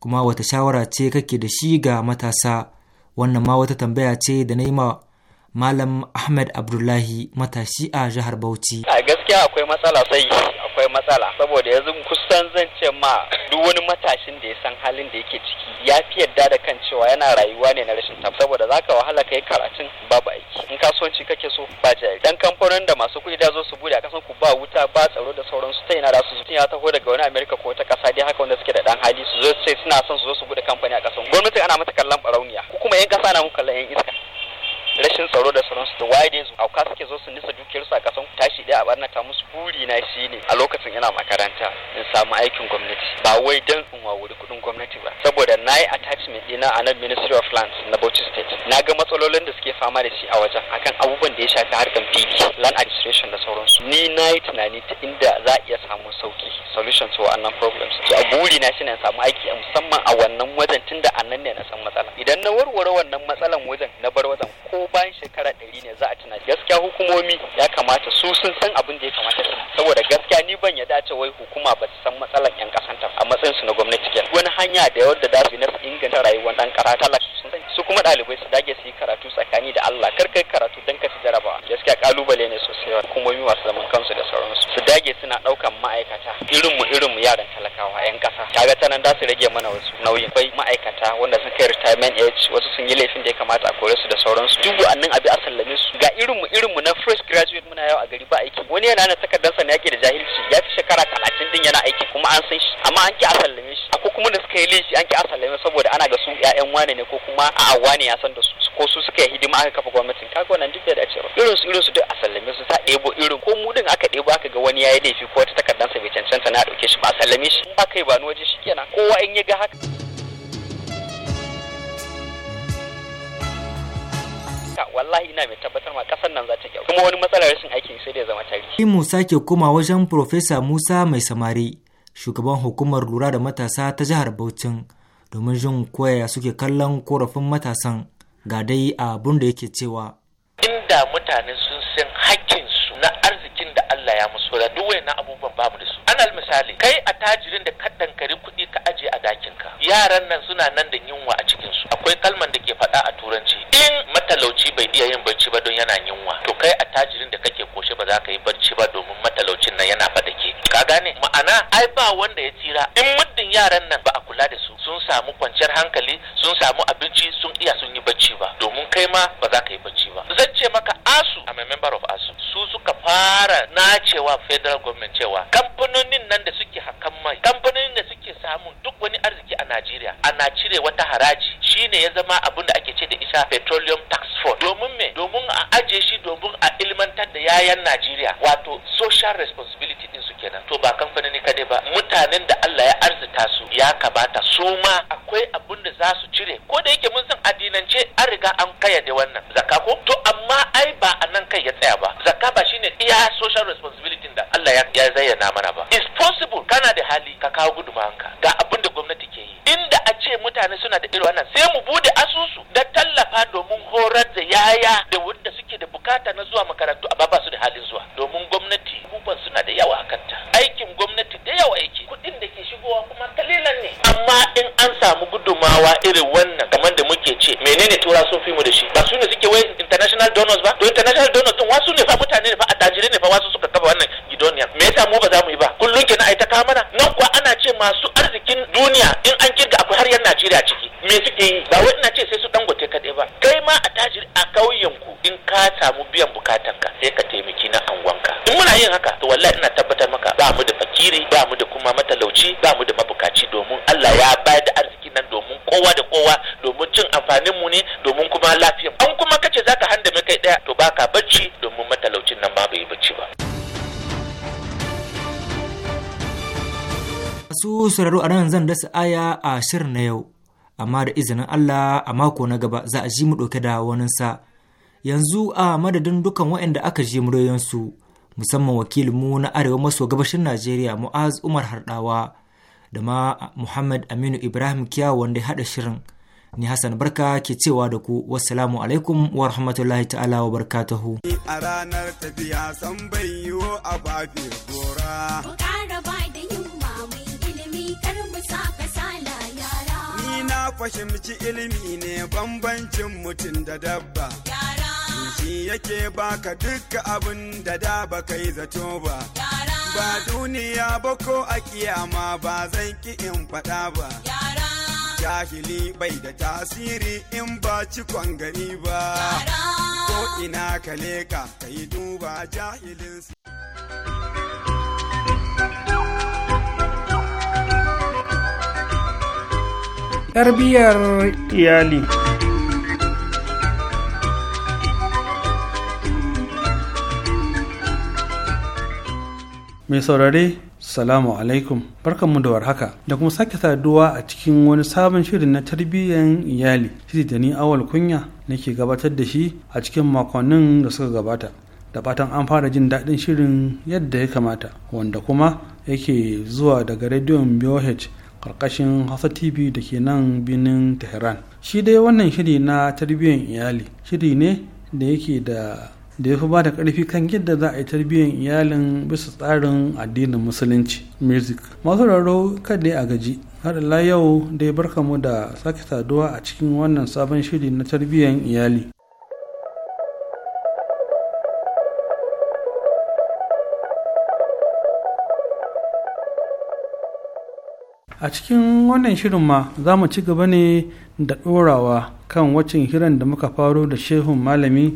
kuma wata shawara ce kake da shi ga matasa, wannan ma wata tambaya ce da na yi ma Malam Ahmed Abdullahi matashi a jihar Bauchi. A gaskiya akwai matsala sai akwai matsala saboda yanzu kusan zan ce ma duk wani matashin da ya san halin da yake ciki ya fi yadda da kan cewa yana rayuwa ne na rashin tabbas saboda zaka wahala kai karatun babu aiki in kasuwanci kake so ba jari dan kamfanonin da masu kuɗi da zo su bude a kasan ku ba wuta ba tsaro da sauran su ta ina da su ya taho daga wani America ko ta kasa dai haka wanda suke da dan hali su zo sai suna son su zo su bude kamfani a kasan gwamnati ana mata kallon barauniya kuma yan kasa na mu kallon yan iska rashin tsaro da sauransu da waye dai auka suke zo su nisa dukiyar su a kasan tashi dai a barnata musu buri na shi ne. a lokacin ina makaranta in samu aikin gwamnati ba wai dan in wawuri kuɗin gwamnati ba saboda na yi attachment ɗina a nan Ministry of Lands na Bauchi State na ga matsalolin da suke fama da shi a wajen akan abubuwan da ya shafi harkan fili land administration da sauransu ni na yi tunani ta inda za a iya samu sauki solution to wannan problems to a buri na shine samu aiki musamman a wannan wajen tunda a nan ne na san matsala idan na warware wannan matsalan wajen na bar wajen ko ko bayan shekara ɗari ne za a tuna gaskiya hukumomi ya kamata su sun san abin da ya kamata su saboda gaskiya ni ban ya dace wai hukuma ba su san matsalar yan ta. a matsayin su na gwamnati kenan wani hanya da yadda da su na inganta rayuwar dan kara talaka sun san su kuma ɗalibai su dage su yi karatu tsakani da Allah kar kai karatu dan ka ci jarabawa gaskiya kalubale ne sosai hukumomi masu zaman kansu da sauransu su dage suna ɗaukan ma'aikata irin mu irin mu yaran talakawa yan kasa kaga ta nan da su rage mana wasu nauyin akwai ma'aikata wanda sun kai retirement age wasu sun yi laifin da ya kamata a kore su da sauransu biyu annan abi a sallame su ga irin mu irin mu na fresh graduate muna yawa a gari ba aiki wani yana na takardar sa ne yake da jahilci ya fi shekara talatin din yana aiki kuma an san shi amma an ki a sallame shi akwai kuma da suka yi lishi an ki a sallame saboda ana ga su ƴaƴan wane ne ko kuma awa wane ya san da su ko su suka yi hidima aka kafa gwamnatin kaga wannan duk da cewa irin su irin su duk a sallame su ta ɗebo irin ko mu din aka ɗebo aka ga wani yayi laifi ko wata takardar sa bai cancanta na ɗauke shi ba a sallame shi ba kai ba ni waje shi kenan kowa in ya ga haka ta wallahi ina mai tabbatar ma kasar nan za ta kyau kuma wani matsalar rashin aikin sai da zama tarihi musa ke koma wajen Profesa Musa Mai Samari shugaban hukumar lura da matasa ta jihar Bauchi, domin jin koyaya suke kallon korafin matasan ga dai abun da yake cewa inda mutane sun san hakkin su na arzikin da Allah ya musu da duk na abubuwan babu da alal misali kai a tajirin da ka dankari kuɗi ka aje a dakinka yaran nan suna nan da yunwa a cikinsu akwai kalman da ke faɗa a turanci in matalauci bai iya yin barci ba don yana yunwa to kai a tajirin da kake koshe ba za ka yi barci ba domin matalaucin nan yana faɗa ke ka gane ma'ana ai ba wanda ya tsira in muddin yaran nan ba a kula da su sun samu kwanciyar hankali sun samu abinci sun iya sun yi barci ba domin kai ma ba za ka yi bacci fara na cewa federal government cewa kamfanonin nan da suke hakan mai kamfanonin da suke samun duk wani arziki a Najeriya ana cire wata haraji shine ya zama abin da ake ce da isa petroleum tax fund domin me domin a aje shi domin a ilmantar da yayan Najeriya wato social responsibility din su kenan to ba kamfanoni kadai ba mutanen da Allah ya arzita su ya kamata su ma akwai abin da za su cire ko da yake mun san addinance an riga an kayyade wannan zakako to amma ai ba zayyana mana ba sauraro a nan zan dasa aya a shirin na yau, amma da izinin Allah a mako na gaba za a ji mu ɗauke da waninsa. Yanzu a madadin dukan waɗanda aka ji muryoyinsu, musamman wakilinmu na Arewa maso gabashin Najeriya Mu'az Umar Harɗawa da ma Muhammad Aminu Ibrahim Kiya wanda ya haɗa shirin. Ni Hassan Barka ke cewa da ku wassalamu alaikum wa rahmatullahi ta'ala wa barakatuhu. A ranar tafiya san na fahimci ilimi ne bambancin mutum da dabba. Shi yake baka duka abin da da ba yi zato ba. Ba duniya ba ko a kiyama ba zan ki in faɗa ba. Jahili bai da tasiri in ba cikon gani ba. Ko ina ka leka ka yi duba jahilin. tarbiyyar iyali mai saurare salamu alaikum barkanmu da warhaka da kuma sake saduwa a cikin wani sabon shirin na tarbiyyar iyali shiri da ni awal kunya nake gabatar da shi a cikin makonnin da suka gabata da fatan an fara jin daɗin shirin yadda ya kamata wanda kuma yake zuwa daga rediyon BOH karkashin hausa tv da ke nan birnin tehran shi dai wannan shiri na tarbiyyar iyali shiri ne da yake da da ya fi ba da karfi kan yadda za a yi tarbiyyar iyalin bisa tsarin addinin musulunci music masu raro kada a gaji haɗa yau dai barkamu da sake saduwa a cikin wannan sabon shiri na tarbiyyar iyali a cikin wannan shirin ma za mu ci gaba ne da ɗorawa kan wacin hiran da muka faro da shehun malami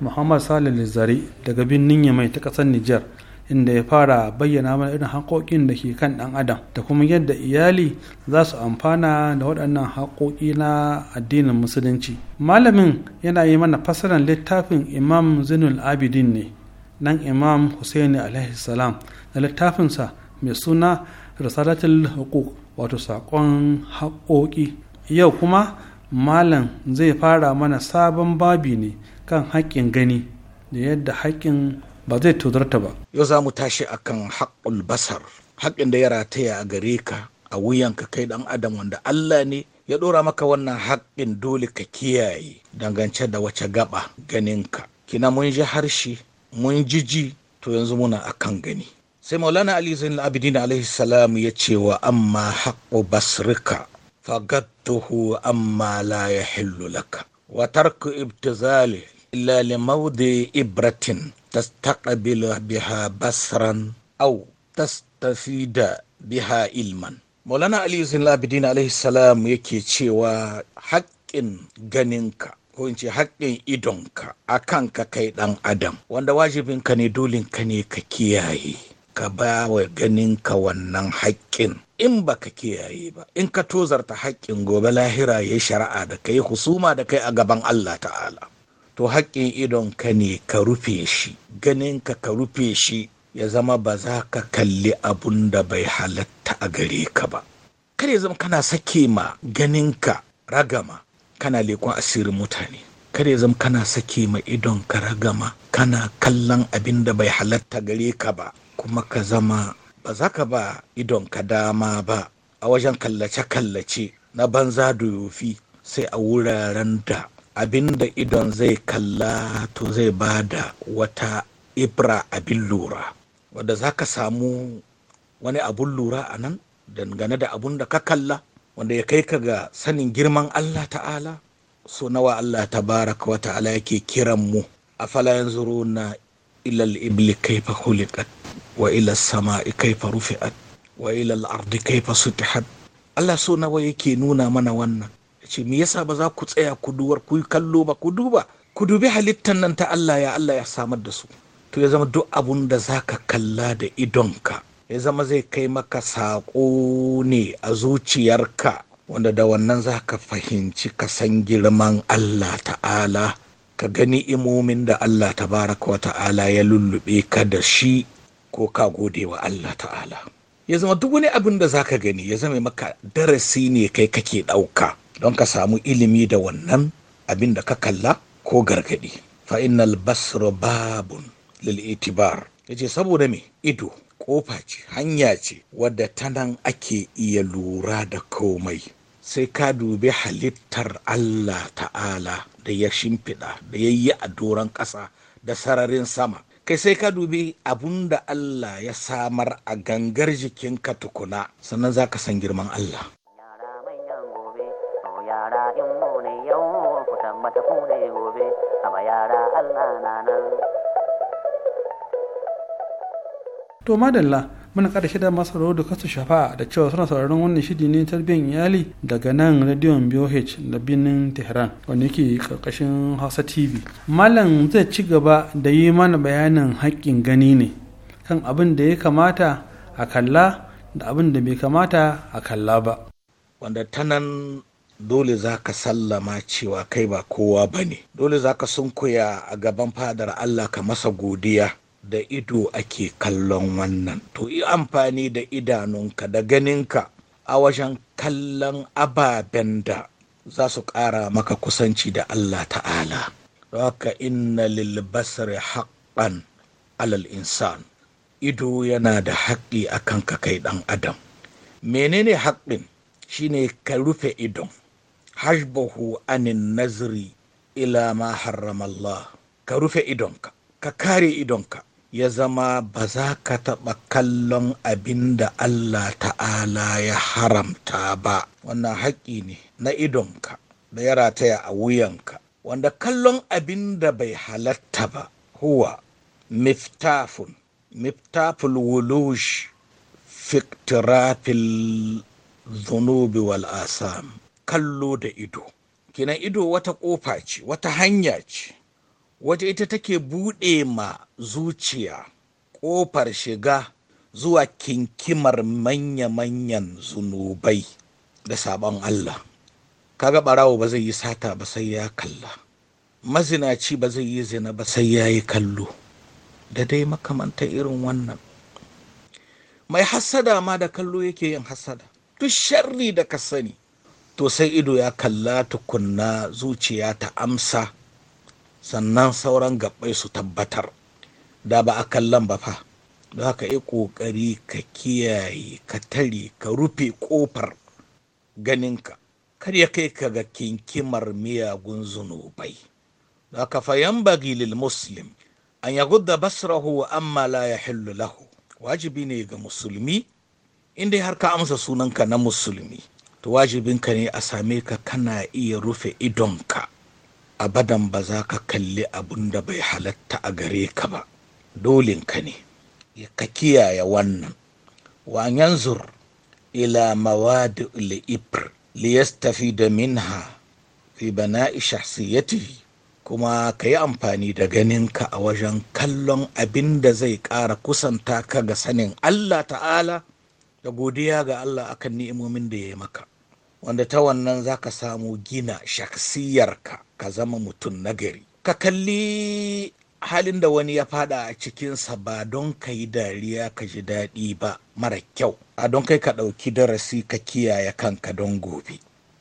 muhammad salih zari daga birnin yamai ta ƙasar nijar inda ya fara bayyana mana irin haƙoƙin da ke kan ɗan adam da kuma yadda iyali za su amfana da waɗannan haƙoƙi na addinin musulunci malamin yana yi mana fassarar littafin imam zinul abidin ne nan imam husaini alaihi salam da littafinsa mai suna risalatul hukuk wato saƙon haƙoƙi yau kuma malam zai fara mana sabon babi ne kan haƙƙin gani da yadda haƙƙin ba zai tozarta ba yau za mu tashi akan haƙƙul basar haƙƙin da ya rataya a gare ka a wuyanka kai ɗan adam wanda allah ne ya ɗora maka wannan haƙƙin dole ka kiyaye dangance da wace gaba ganinka kina mun ji harshe mun ji ji to yanzu muna akan gani sai maulana ali zainul abidin alaihi salam ya ce wa amma haqqu basrika fagadtuhu amma la ya laka wa tarku ibtizali illa li mawdi ibratin tastaqbilu biha basran aw tastafida biha ilman maulana ali zainul abidin alaihi salam yake cewa haƙƙin ganinka ko in ce haƙƙin idonka a kanka kai ɗan adam wanda wajibinka ne dolinka ne ka kiyaye ka ba wa ganinka wannan haƙƙin in ba ka kiyaye ba in ka tozarta haƙƙin gobe lahira ya shari'a da kai husuma da kai a gaban Allah ta'ala to haƙƙin idon ka ne ka rufe shi Ganinka ka rufe shi ya zama ba za ka kalli abun da bai halatta a gare ka ba kada ya zama kana sake ma ganin ka ragama kana lekon asirin mutane kada ya zama kana sake ma idon ka ragama kana kallon abin da bai halatta gare ka ba kuma ka zama ba za ka ba idon ka dama ba a wajen kallace-kallace na banza da yofi sai a wuraren da abin da idon zai kalla to zai ba da wata ibra abin lura wadda za ka samu wani abun lura a nan dangane da abun da ka kalla wanda ya kai ka ga sanin girman Allah ta'ala so nawa Allah ta baraka wa ta'ala yake kiran mu a afala na ilal ibli kaifa khuliqat wa ila sama'i kaifa rufi'at wa ila al-ardi kaifa sutihat Allah so nawa yake nuna mana wannan yace me yasa ba za ku tsaya ku duwar ku kallo ba ku duba ku dubi halittan nan ta Allah ya Allah ya samar da su to ya zama duk abun da zaka kalla da idonka ya zama zai kai maka saƙo ne a zuciyarka wanda da wannan zaka fahimci ka san girman Allah ta'ala ka gani imomin da Allah tabaraka wa ta'ala ya lullube ka da shi ko ka gode wa Allah ta'ala ya zama duk wani abin da za ka gani ya zama maka darasi ne kai kake ɗauka don ka samu ilimi da wannan abin da ka kalla ko gargadi fa basro basra babun lil itibar ce saboda me ido kofa ce hanya ce wadda ta nan ake iya lura da komai sai ka dubi halittar Allah ta'ala da ya shimfiɗa da ya yi a doron ƙasa da sararin sama kai sai ka dubi abun da Allah ya samar a gangar jikinka tukuna sannan za ka san girman Allah. Yara in mu ne yau ku tabbata ku gobe, amma yara Allah na nan. To madalla muna kada shida masu da kasu shafa da cewa suna sauraron wannan shidi ne tarbiyyar iyali daga nan radiyon BOH da birnin Tehran wanda yake karkashin Hausa TV. Malam zai ci gaba da yi mana bayanin haƙƙin gani ne kan abin da ya kamata a kalla da abin da bai kamata a kalla ba. Wanda ta nan dole za ka sallama cewa kai ba kowa ba ne dole za ka sunkuya a gaban fadar Allah ka masa godiya da ido ake kallon wannan to yi amfani da idanunka da ganinka a wajen kallon ababen da za su ƙara maka kusanci da Allah ta'ala waka inna lil basari haqqan alal insan ido yana da haƙƙi akan ka kai ɗan adam menene haƙƙin shine ka rufe idon hajbahu anin nazri ila ma harrama ka rufe idonka ka kare idonka ya zama ba za ka taɓa kallon abin da Allah ta'ala ya haramta ba wannan haƙƙi ne na idonka da ya rataya a wuyanka wanda kallon abin da bai halatta ba huwa miftafun miftaful wulush fiktirafil zunubi wal asam kallo da ido kina ido wata ƙofa ce wata hanya ce wata ita take buɗe ma zuciya ƙofar shiga zuwa kinkimar manya-manyan zunubai da sabon Allah. Kaga ɓarawo ba zai yi sata ba sai ya kalla, mazinaci ba zai yi zina ba sai ya yi kallo, da dai makamanta irin wannan. Mai hassada ma da kallo yake yin hassada, duk sharri da ka sani, to sai ido ya kalla tukunna zuciya ta amsa. sannan sauran gabbai su tabbatar da ba a kallon ba fa don haka yi ƙoƙari ka kiyaye ka tare ka rufe ƙofar ganinka kar ya kai ka ga kinkimar miyagun zunubai don haka fayan lil muslim an ya gudda basrahu amma la ya hillu lahu wajibi ne ga musulmi inda har ka amsa sunanka na musulmi to wajibinka ne a same ka kana iya rufe idonka abadan ba za ka kalli abun da bai halatta a gare ka ba dolinka ne ka kiyaye wannan wa yanzur ila mawadi li'ibr tafi da minha fi bana'i shahsiyatihi kuma ka yi amfani da ganinka a wajen kallon abin da zai ƙara kusanta ka ga sanin Allah ta'ala da godiya ga Allah akan ni'imomin da ya yi maka wanda ta wannan za ka samu gina shaksiyarka ka zama mutum nagari ka kalli halin da wani ya fada a cikinsa ba don ka yi dariya ka ji daɗi ba mara kyau a don kai ka ɗauki darasi ka kiyaye kanka don gobe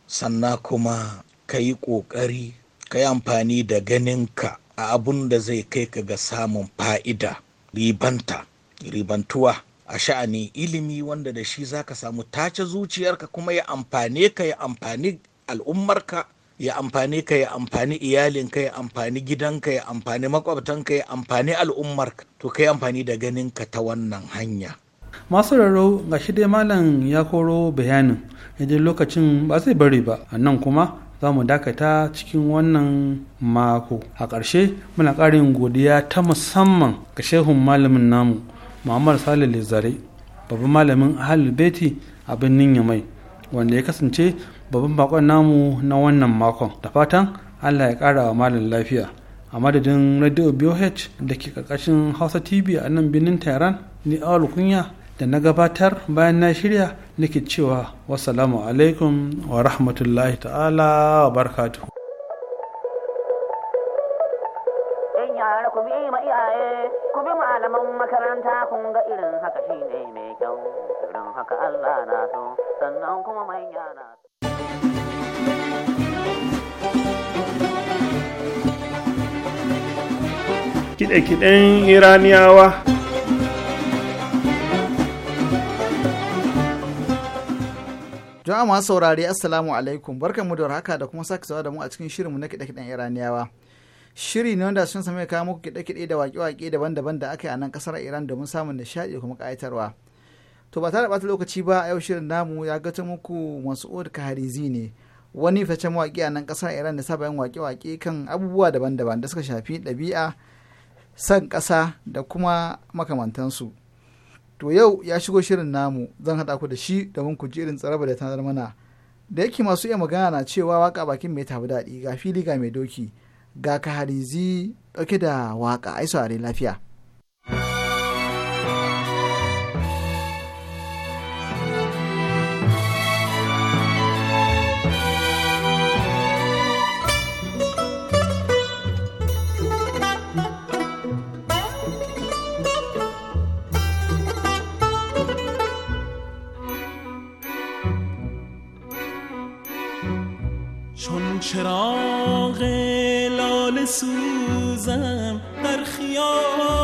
sannan kuma ka yi ƙoƙari ka yi amfani da ganinka a abun da zai kai ka ga samun fa'ida ribanta ribantuwa a sha'ani, ilimi wanda da shi zaka samu tace zuciyarka kuma ya amfane ka ya amfani al'ummarka ya amfani ka ya amfani iyalinka ya amfani gidanka ya amfani makwabtanka ya amfani al'ummarka to kai amfani da ganin ka ta wannan hanya masu raro ga shi dai malam ya koro bayanin idan lokacin ba zai bari ba a nan kuma za mu dakata cikin wannan mako a ƙarshe muna ƙarin godiya ta musamman ga shehun malamin namu muhammad salih lezare babban malamin ahalul beti a birnin yamai wanda ya kasance babban bakon namu na wannan makon da fatan allah ya kara wa malam lafiya a madadin radio boh da ke karkashin hausa tv a nan birnin tehran ni awal kunya da na gabatar bayan na shirya nake cewa wasalamu alaikum wa rahmatullahi ta'ala wa barkatu kiɗe-kiɗen iraniyawa jama'a masu assalamu alaikum barkan mu da haka da kuma sake zuwa da mu a cikin shirinmu na kiɗe-kiɗen iraniyawa shiri ne wanda sun sami kawo muku kiɗe-kiɗe da waƙe-waƙe daban-daban da aka yi a nan ƙasar iran domin samun nishaɗi da kuma ƙayatarwa to ba tare da ɓata lokaci ba a yau shirin namu ya gato muku masu'ud kaharizi ne wani facen mawaƙi a nan ƙasar iran da saba yin waƙe-waƙe kan abubuwa daban-daban da suka shafi ɗabi'a san ƙasa da kuma makamantansu to yau ya shigo shirin namu zan haɗa ku da shi da mun ji irin tsaraba da tanar mana da yake masu iya magana na cewa waka bakin mai tafi daɗi ga fili ga mai doki ga kaharizi ɗauke da waka ai saurari lafiya. چراغ لال سوزم در خیال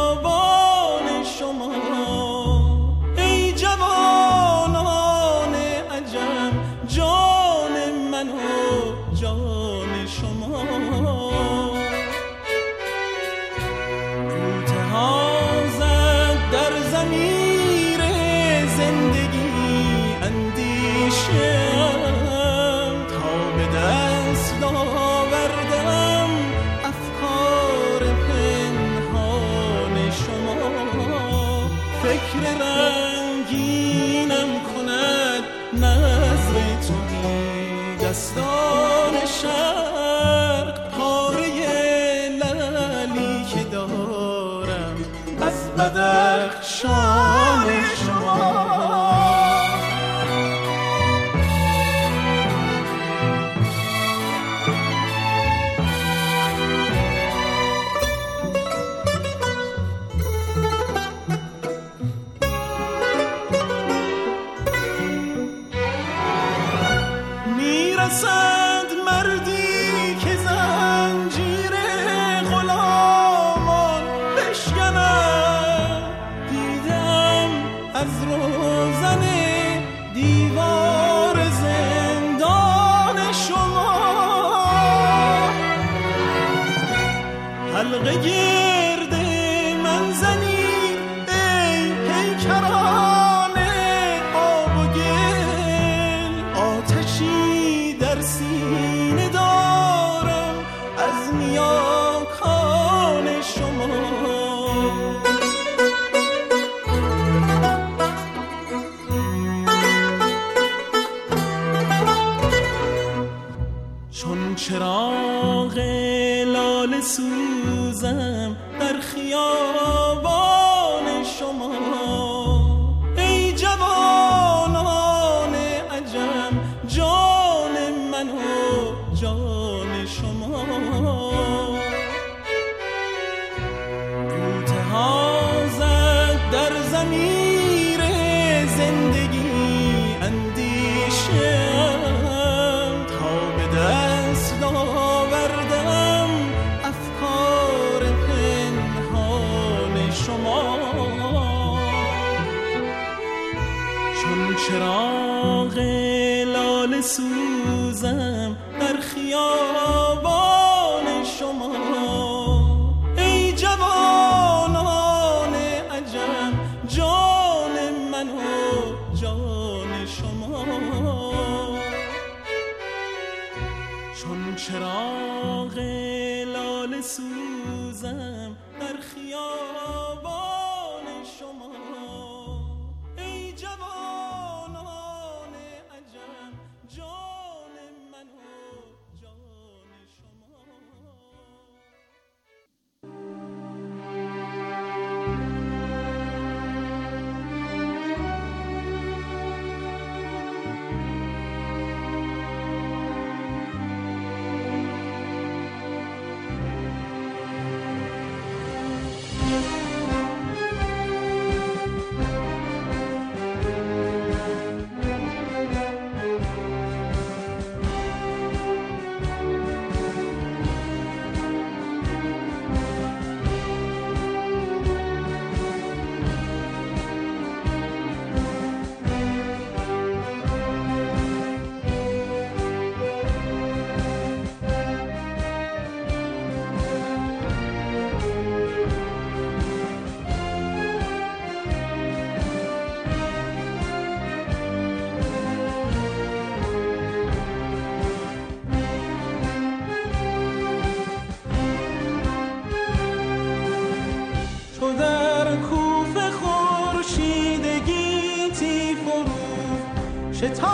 it's hard.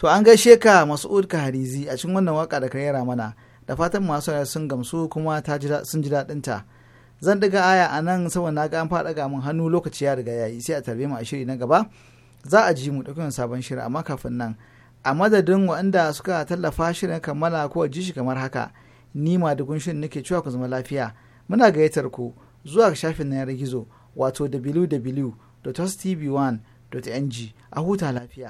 To an gaishe ka Mas'ud harizi a cikin wannan waka da ka yara mana da fatan masu sun gamsu kuma ta sun ji daɗin ta. Zan daga aya a nan saboda na ga an faɗa ga mun hannu lokaci ya riga yayi sai a tarbe mu a shiri na gaba. Za a ji mu ɗauki sabon shiri amma kafin nan a madadin waɗanda suka tallafa shirin kammala ko ji shi kamar haka ni ma da gunshin nake cewa ku zama lafiya muna gayyatar ku zuwa ga shafin na yanar gizo wato www.tv1.ng a huta lafiya.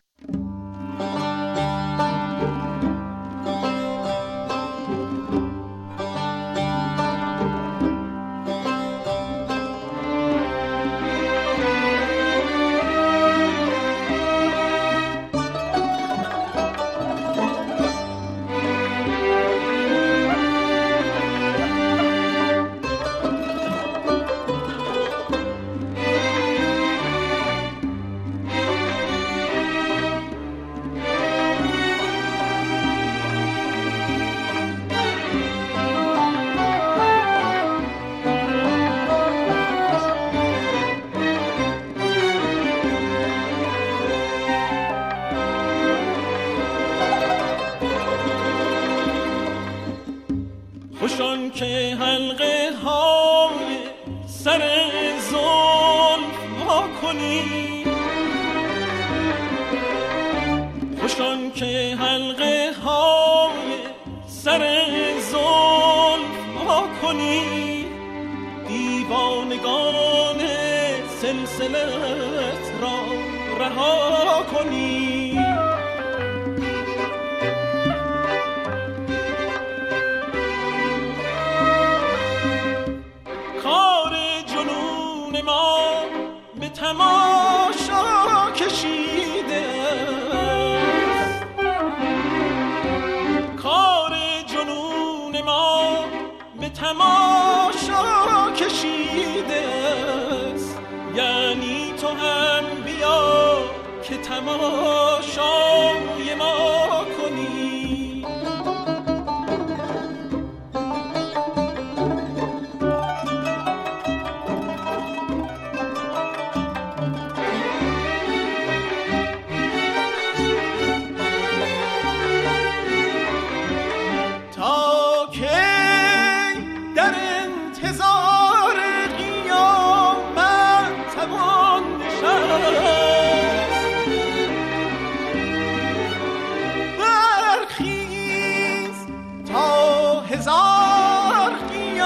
هزار قیامت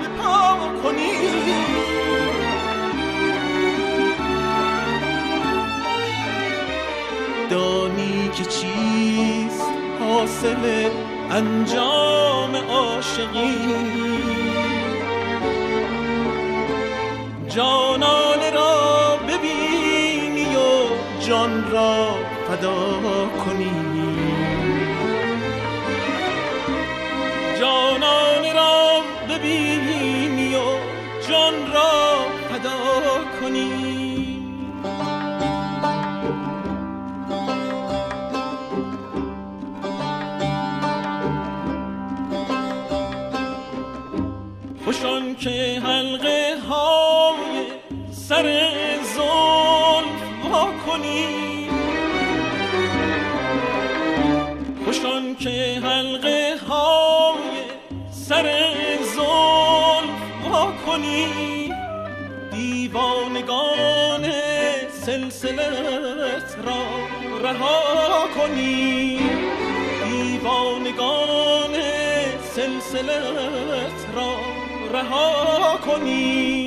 به پا کنی دانی که چیست حاصل انجام عاشقی جانان را ببینی و جان را فدا کنی خوش که دلت را رها کنی دیوانگان سلسلت را رها کنی